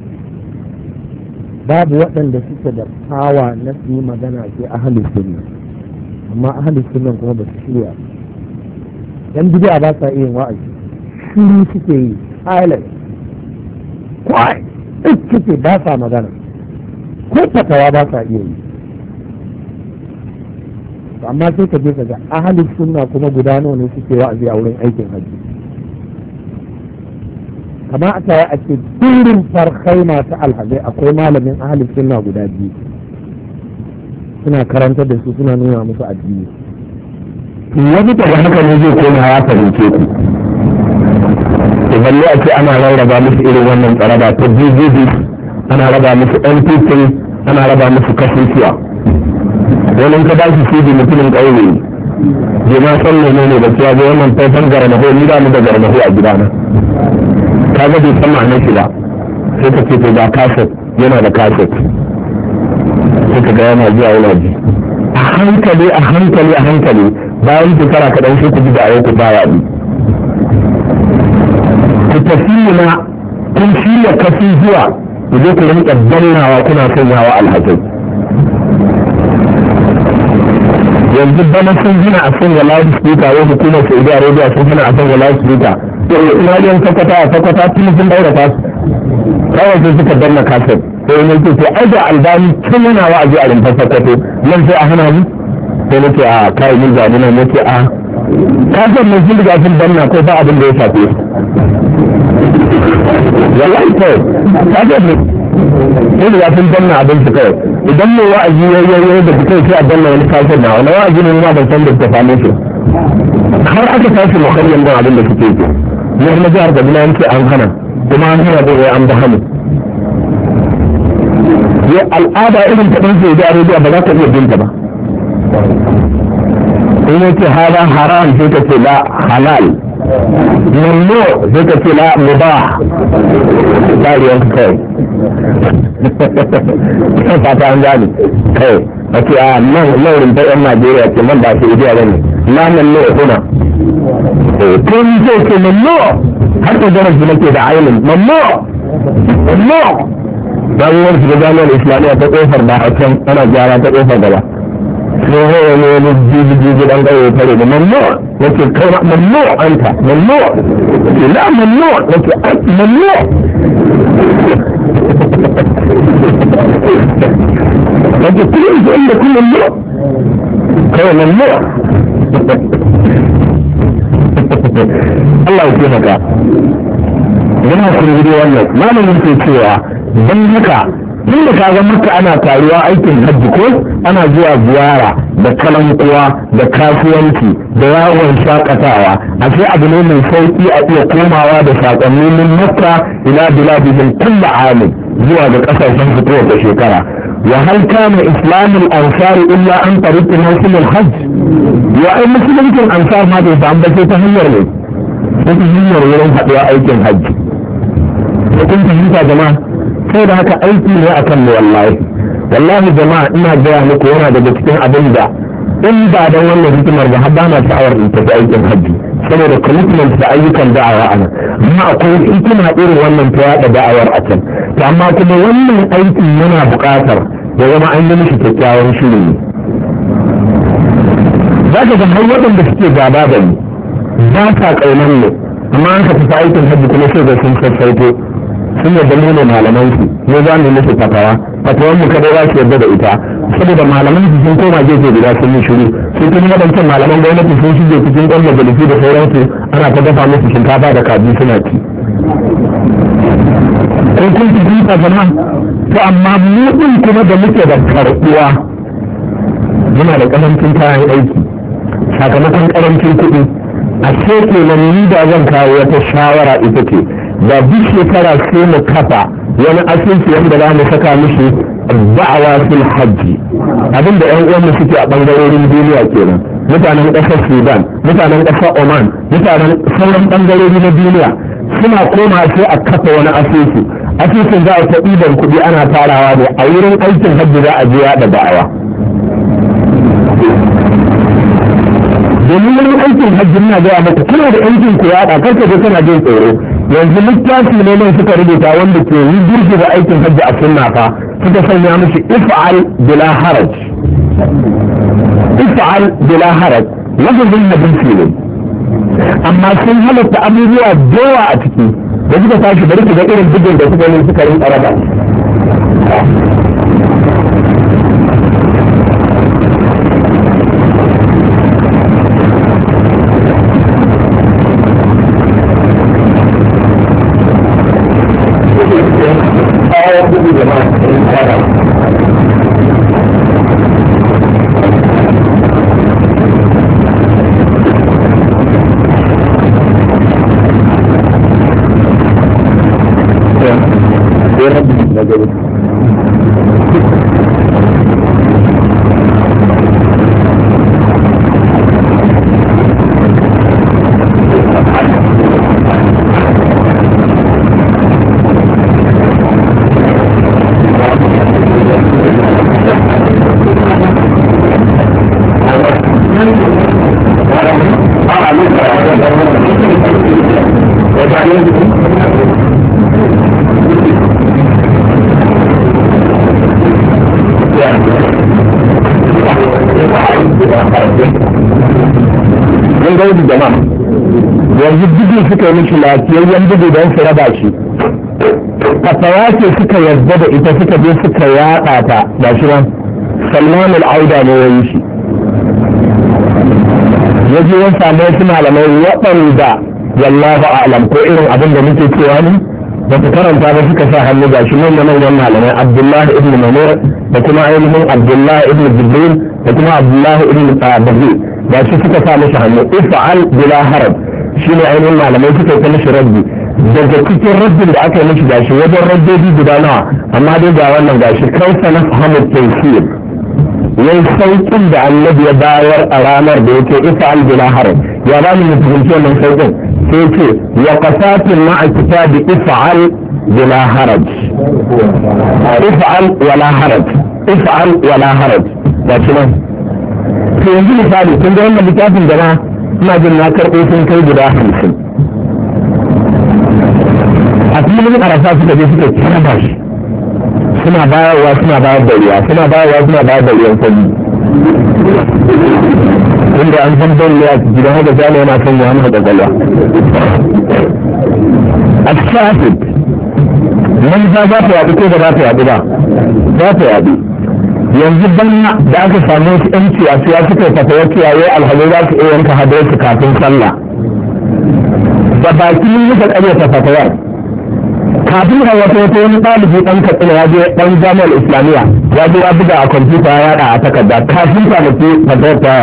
babu waɗanda suke da tawa na su yi magana ke ahalin sunna amma a halittun nan kuma ba su shirya yan bidiya ba sa iya wa'azi shiru suke yi silent kwai duk suke ba sa magana ko fatawa ba sa iya yi amma sai ka je ka ga ahalin sunna kuma guda nawa ne suke wa'azi a wurin aikin hajji kama a tare a ce turin farkai masu alhazai akwai malamin ahalin sunna guda biyu suna karanta da su suna nuna musu addini to wani daga haka ne zai koma ya fahimce ku
to balle a ce ana rarraba musu irin wannan tsaraba ta jijiji ana raba musu ɗan titin ana raba musu kasancewa wani ka bashi shi bi mutumin ƙauye je ma sallah ne ne bakiya ga wannan faifan garmaho ni da mu da garmaho a gidana ka ga bai san ma'anar shi ba sai ka ce to ga kaset yana da kaset sai ka ga yana zuwa yana ji a hankali a hankali a hankali bayan shekara kaɗan sai ku ji da ku baya bi ku tafi na kun shirya kafi zuwa ku je ku rinƙa dannawa kuna sanyawa alhazai yanzu bana sun gina a sanya loud speaker wai hukumar saudi arabia sun gina a sanya loud speaker to ina yin sakwata a sakwata tun sun daura ta kawai sai suka danna kasar sai ne ce sai aja albani tun yana wa'azi a rumfar sakwato nan sai a hana mu sai nake a kai mun zaɓi nan nake a kasar mai sun riga sun danna ko ba abin da ya shafe wallahi kawai kasar mai sai da zafin danna abin su kawai idan mai wa'azi ya yi yayi da kai sai a danna wani kafin na wani wa'azi ne ma ban san da ta fame su har aka tashi mukayyam don abin da suke yi ne kuma jihar Kaduna yanke an hana kuma an hana zai an ba hamu ya al'ada irin ta ɗansu da arabiya ba za ta iya binta ba in yake hada haram sai ka ce la halal mamnu sai ka ce la mubah ba ruwan kawai fata an gani kai a ce a nan laurin ta yan najeriya ce man ba shi idiya bane na nan ne kuna tun zai ce mamnu har ta zama su nake da ainihin mamnu mamnu damuwar su da jami'ar islamiyya ta kofar da a can ana gyara ta kofar gaba sai hawa ne wani jijiji dan gawo tare da mamnu nake kai mamnu anta mamnu ila mamnu nake mamnu
قد تنسى ان كل امرأ
كون امرأ Allah ya taimaka yana kun gudu wannan malamin ke cewa don haka tun da kaga maka ana taruwa aikin hajji ko ana zuwa ziyara da kalankuwa da kasuwanci da yawon shakatawa a sai abu ne mai sauki a iya komawa da sakonnin makka ila biladihim kulla amin zuwa ga kasashen su kowace shekara wa hal kana islamul ansari illa an tariqi mawsimul hajj ya ai musulmancin ansar ma bai samu ba ta hanyar ne ta hanyar wurin haɗuwa aikin hajji kun fahimta jama'a sai da haka aiki ne akan mu wallahi wallahi jama'a ina gaya muku yana daga cikin abin da in ba don wannan hikimar da ba na sha'awar in tafi aikin hajji saboda commitment da ayyukan da'awa a nan amma akwai hikima irin wannan ta yaɗa da'awar a can to amma kuma wannan aikin yana buƙatar ya zama an yi mishi kyakkyawan shiri ne za ka zama har waɗanda suke gaba da ni ba sa ƙaunar mu amma an ka fi aikin hajji kuma sai da sun sassaito sun yadda mu ne malaman su ne za mu musu fatawa fatawar mu kada za su yadda da ita saboda malaman su sun koma gefe guda sun yi shiru sai kuma waɗancan malaman gwamnati sun shige cikin ƙwan da sauransu ana ta dafa musu shinkafa da kaji suna ci ko kun fahimta jama'a to amma mu din kuma da muke da karbuwa muna da ƙarancin kayan aiki sakamakon karancin kuɗi a ke nan ni da zan kawo wata shawara ita ce da duk shekara sai mu kafa wani asusu wanda za mu saka musu da'awa fil hajji abinda yan uwanmu suke a ɓangarorin duniya kenan mutanen ƙasar sudan mutanen ƙasar oman mutanen sauran bangarori na duniya suna koma sai a kafa wani asusu asusun za a ta ɗiban kuɗi ana farawa ne a wurin aikin hajji za a je yaɗa da'awa domin wurin aikin hajji na gaya maka kuna da aikin ku yaɗa karka je kana jin tsoro yanzu littafi ne mai suka rubuta wanda ke yi da aikin hajji a sunna fa suka sanya mishi if'al bila haraj if'al bila haraj lafazin hadisi ne amma sun halatta abubuwa dawa a ciki da suka tashi bari su ga irin bugun da suka yi suka rinka araba. suka yi mishi lafiyayyen bugu don su raba shi fatawa ce suka yarda da ita suka je suka yaɗa ta ga shi nan salman al'auda ne ya yi shi ya je ya samu wasu malamai waɗanda wallahu a'lam ko irin abin da muke cewa ne ba su karanta ba suka sa hannu ga shi nan da manyan malamai abdullahi ibn mamur da kuma ainihin abdullahi ibn jibril da kuma abdullahi ibn tabazi ga shi suka sa mishi hannu ifa'al bila harab shi ne ainihin malamai suka yi mishi rabbi daga cikin rabbin da aka yi mishi gashi wajen rabbobi guda nawa amma dai ga wannan gashi kansa na fahimtar tafsir yayi saukin da annabi ya bayar a ranar da yake isa albina harin ya ba mu fahimci wannan saukin sai ce wa qasatin ma'a kitabi if'al bila haraj if'al wala haraj if'al wala haraj ga shi nan to yanzu misali kun ga wannan littafin da na ina jin na karɓo sun kai guda hamsin a filin arafa suka je suka kama shi suna bayarwa suna bayar da ruwa suna bayarwa suna bayar da ruwan kwalli inda an san don ya gidan haka jami'a yana kan yawan haka kwalwa a traffic nan za ta yaɗu ko ba za ta yaɗu ba za ta yaɗu yanzu banna da aka samu wasu yan ciyaciya suka fatawa ciyaye alhazo za su iya yanka hadar kafin sallah da baki ne muka tsare ta fatawar kafin hawa ta wata wani ɗalibi ɗan katsina ya je ɗan jami'ar islamiyya ya je ya buga a kwamfuta ya yaɗa a takarda kafin ta kwanaki fatawar ta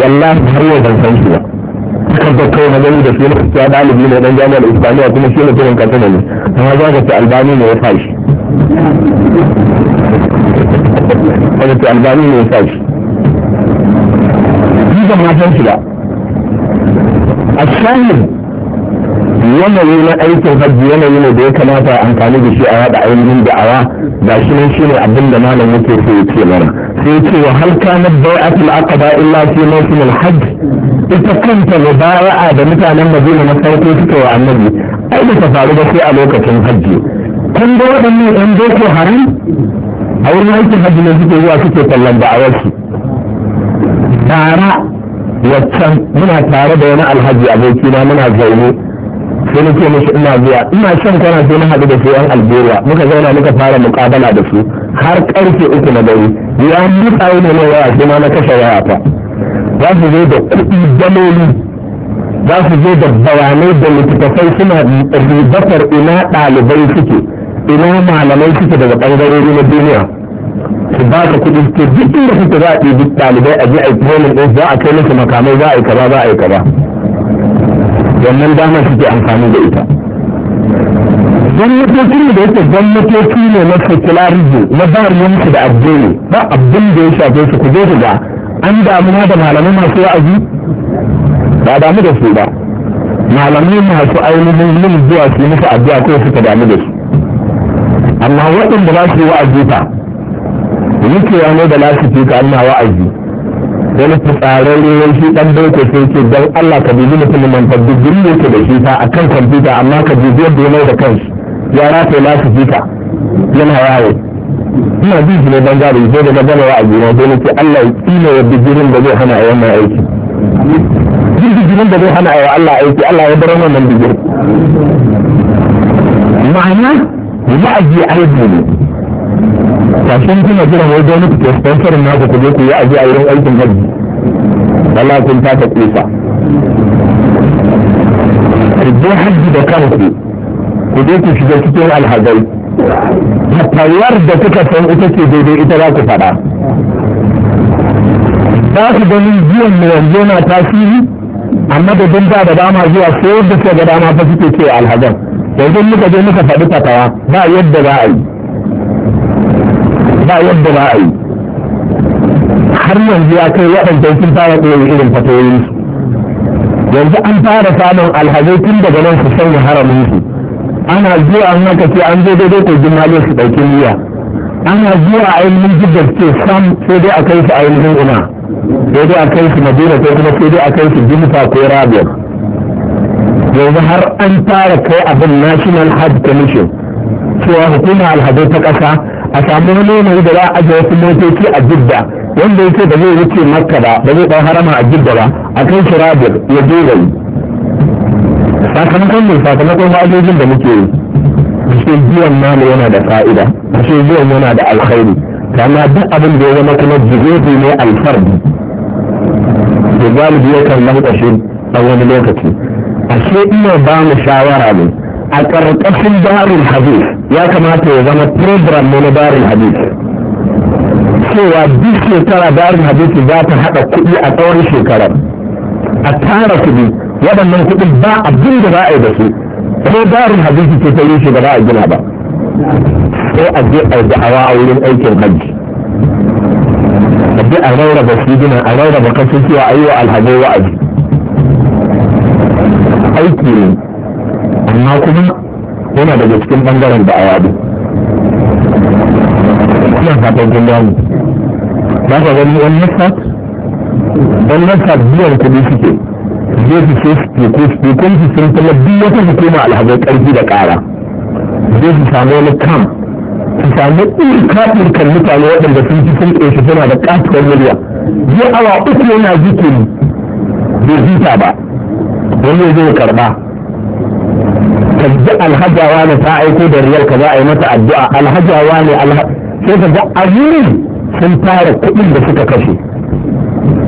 yalla har yau ban san shi ba kan ta kawai magani da shi ya ɗalibi ne ɗan jami'ar islamiyya kuma shi ne mutumin katsina ne amma za ka ci albani ne ya fashi قلت الباني ما ينفعش دي ما تنسى بقى الشاهد yanayi na aikin hajji yanayi ne da ya kamata amfani da shi a yada ainihin da'awa ga shi ne shi ne abin da malam yake so ya ce mana sai ce wa hal kana bai'atul aqaba illa fi mawsim al-hajj ita kanta mubaya'a da mutanen Madina na farko suka wa annabi ai da ta faru ba sai a lokacin hajji kun ga waɗannan ɗan boko haram a wurin aikin hajji ne suke zuwa suke kallon su, tara waccan muna tare da wani alhaji abokina muna zaune sai nake mishi ina zuwa ina shan kwana sai na haɗu da su yan algeria muka zauna muka fara muƙabala da su har ƙarfe uku na dare ya mutsa ne na waya sai ma na kashe waya fa za su zo da kuɗi daloli za su zo da bayanai da littattafai suna ribatar ina ɗalibai suke ina malamai suke daga bangarori na duniya su ba ka kuɗi ke duk inda suke za a ɗibi ɗalibai a je a yi training ɗin za a kai musu makamai za a yi kaza za a yi kaza wannan dama suke amfani da ita gwamnatoci da yake gwamnatoci ne na secularism na ba ruwansu da addini ba abin da ya shafe su ku je su ga an damuwa da malamai masu wa'azi ba damu da su ba malamai masu ainihin yin zuwa su musu addu'a ko suka damu da su amma waɗanda ba su yi wa'azi fa yake ya ne da lasifi ka ana wa'azi wani fitsarar ruwan shi ɗan boko sai ce don Allah ka bibi mutumin man fa digiri yake da shi ta a kan kwamfuta amma ka bibi yadda ya da kansu ya rataye lasifi ka yana yawo ina bi shi ne ban zaɓi sai daga gama wa'azi na dole ce Allah ya tsina wa bibirin da zai hana a yamma aiki duk digirin da zai hana a Allah aiki Allah ya bar wannan digirin ma'ana wa'azi aibu ne kashin kuna jiran wai gwamnati ke sponsor na ku kuje ku yi aji a wurin aikin hajji Allah kun ta ta kufa ku je hajji da kanku ku je ku shiga cikin alhazai fatawar da kuka san ita ce daidai ita za ku faɗa za su ganin jiyan mu yanzu na tasiri a madadin da da dama zuwa sai da suka ga dama fa suke ce alhazan yanzu muka je muka faɗi fatawa ba yadda za a yi ba yadda za a yi har yanzu ya kai waɗanda sun fara ɗoyin irin fatoyin yanzu an fara samun alhazai tun daga nan su sanya haramin su ana zuwa an haka ce an zo daidai kogin malo su ɗauki niyya ana zuwa ainihin jidda ce sam sai dai a kai su ainihin ina sai dai a kai su madina sai kuma sai dai a kai su jimfa ko rabiyar yanzu har an fara kai abin national hajj commission cewa hukumar alhazai ta ƙasa a samu wani yanayi da za a ajiye wasu motoci a jidda wanda yake da zai wuce makka ba da zai ɗau harama a jidda ba a kan shi ya dora yi sakamakon ne sakamakon wa'adojin da muke yi ashe biyan namu yana da fa'ida ashe biyan yana da alkhairi amma duk abin da ya zama kuma jigoji ne alfardi da galibi yakan lankwashe a wani lokaci ashe ina ba mu shawara ne a ƙarƙashin darin hadith ya kamata ya zama program ne na darul hadith cewa duk shekara darul hadith za ta haɗa kuɗi a tsawon shekarar a tara kuɗi waɗannan kuɗin ba abin da za a yi da su ko darin hadith ce ta yi shi ba a gina ba sai a je a da'awa a wurin aikin hajji a je a rarraba sigina a rarraba kasusuwa a yi wa alhajai wa'azi aiki ne amma kuma yana daga cikin bangaren da ayabi ina fatan kun gani ba ka gani wani nasa wani nasa biyan kuɗi suke zai su ce su ko su kun su sun kuma duk wata hukuma alhazar ƙarfi da ƙara zai su samu wani kam su samu kafin kan mutane waɗanda sun fi sun ƙeshi suna da ƙatuwar miliya zai awa uku yana zikiri bai zita ba wani zai karba ka ji alhajawa ne ta aiko da riyal ka za a yi mata addu'a alhajawa ne sai ka ga azumin sun fara kuɗin da suka kashe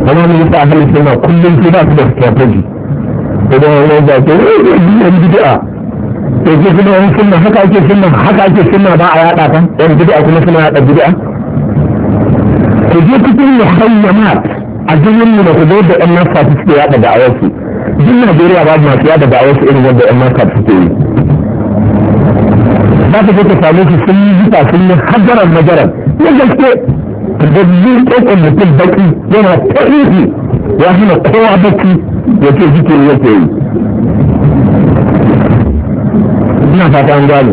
kuma ne yasa a ahalin suna kullum su ba su da strategy idan wani ya ce yan bid'a to ke kuma wani sunna haka ake sunna haka ake sunna ba a yada ta yan bid'a kuma suna yada bid'a ku je cikin muhayyamat a jinin mu da ku zo da yan nasa suke yada da'awar su duk najeriya ba masu yada da wasu irin wanda yan mata suke yi ba ta ka samu su sun yi zuta sun yi hadaran majaran na gaske da zuwa ɗaukar mutum baki yana tarihi ya hana kowa baki ya ce zikiri ke yi ina fata an gane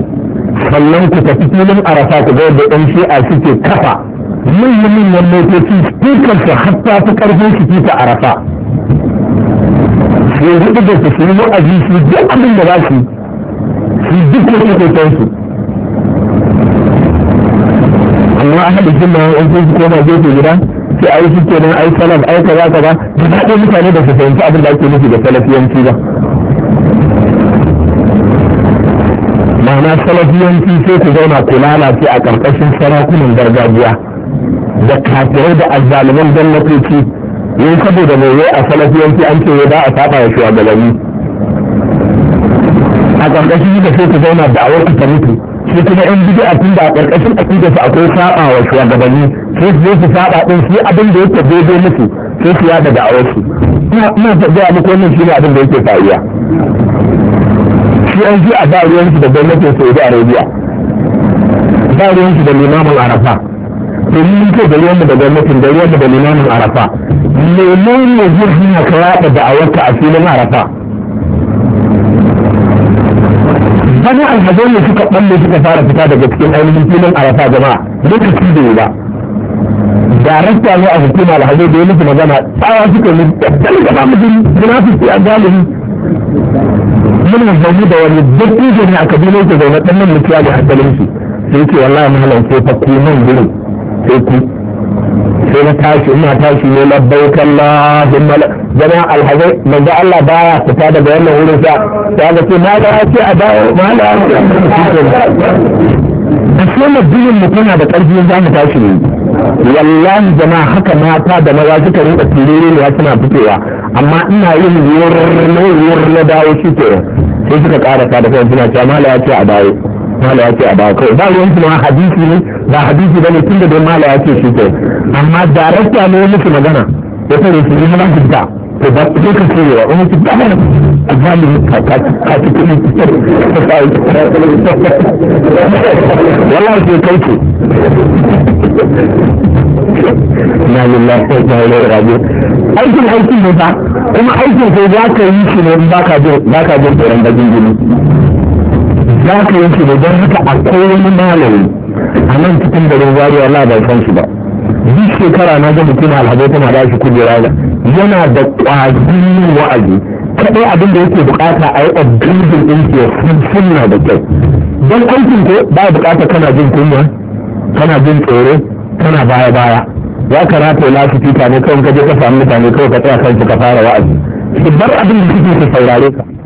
sannan ku tafi filin arafa ku ga yadda ɗan shi'a suke kafa manyan manyan motoci speaker su hatta ta karfin su ta arafa su yi hudu da su su duk abin da za su su duk wani su amma haɗa koma gida sai a yi ke nan ai salaf ai kaza kaza da daɗin mutane da su fahimci abin da ake nufi da salafiyanci ba ma'ana salafiyanci sai ku zauna ku lalace a ƙarƙashin sarakunan gargajiya da kafirai da azzaluman gwamnatoci yin saboda mai a salafiyanci an ce ba a saba ya shugabanni a ƙarƙashin da sai ka zauna da awon ku mutu shi kuma yan bidi a tun da a ƙarƙashin aƙida su akwai saba wa shugabanni sai su zo su saba ɗin shi abin da yake daidai musu sai su yada da awon su ina gaya muku wannan shi ne abin da yake faruwa shi an ji a dariyarsu da gwamnatin saudi arabia dariyarsu da limamin arafa domin mun ce da ruwan da gwamnatin da ruwan da limamin arafa menene zai hana ka yaɗa da'awarka a filin arafa bana alhazai ne suka ɓalle suka fara fita daga cikin ainihin filin arafa jama'a lokaci da yi ba darakta ne a hukuma alhazai da ya nufi magana tsawa suka yi ɗan gaba mutum munafiki a galibi muna zaune da wani dattijo ne a kabilar ke zaune dan nan mutuwa da hankalin shi sai ce wallahi malam ko fa ku nan gurin sai ku sai na tashi ina tashi ne labbaik Allahumma jama'a alhazai manzo Allah ba ya fita daga wannan wurin sa sai ga ce na ga ce a dawo mala a ce mabdinin mu tana da ƙarfi za mu tashi ne wallahi jama'a haka mata da maza suka rinka turere ne suna fitowa amma ina yin wurin na dawo shi ke sai suka karasa da kan suna cewa mala ya ce a dawo mala ya ce a dawo kawai ba ruwan kuma hadisi ne ba hadisi bane tunda dai mala ya ce shi ke amma darakta ne musu magana ya fara su yi munafinta to ba su ka cirewa wani su ba mana a zalimi kuma
wallahi sai kai ce
na lillahi sai ta yi rabu aikin aikin ne ba kuma aikin sai za ka yi shi ne ba ka jin tsoron jini za ka yi shi ne don haka a nan cikin garin zariya la ban san shi duk shekara na ga mutum alhaji tana da shi kujera yana da ƙwazin wa'azi kaɗai abin da yake bukata a yi obdubin ɗin ke sunna da kyau don aikin ko ba bukata kana jin kunya kana jin tsoro kana baya baya ya karata ya lafi fita ne kawai ka je ka samu mutane kawai ka tsaya kan ka fara wa'azi su bar abin da su saurare ka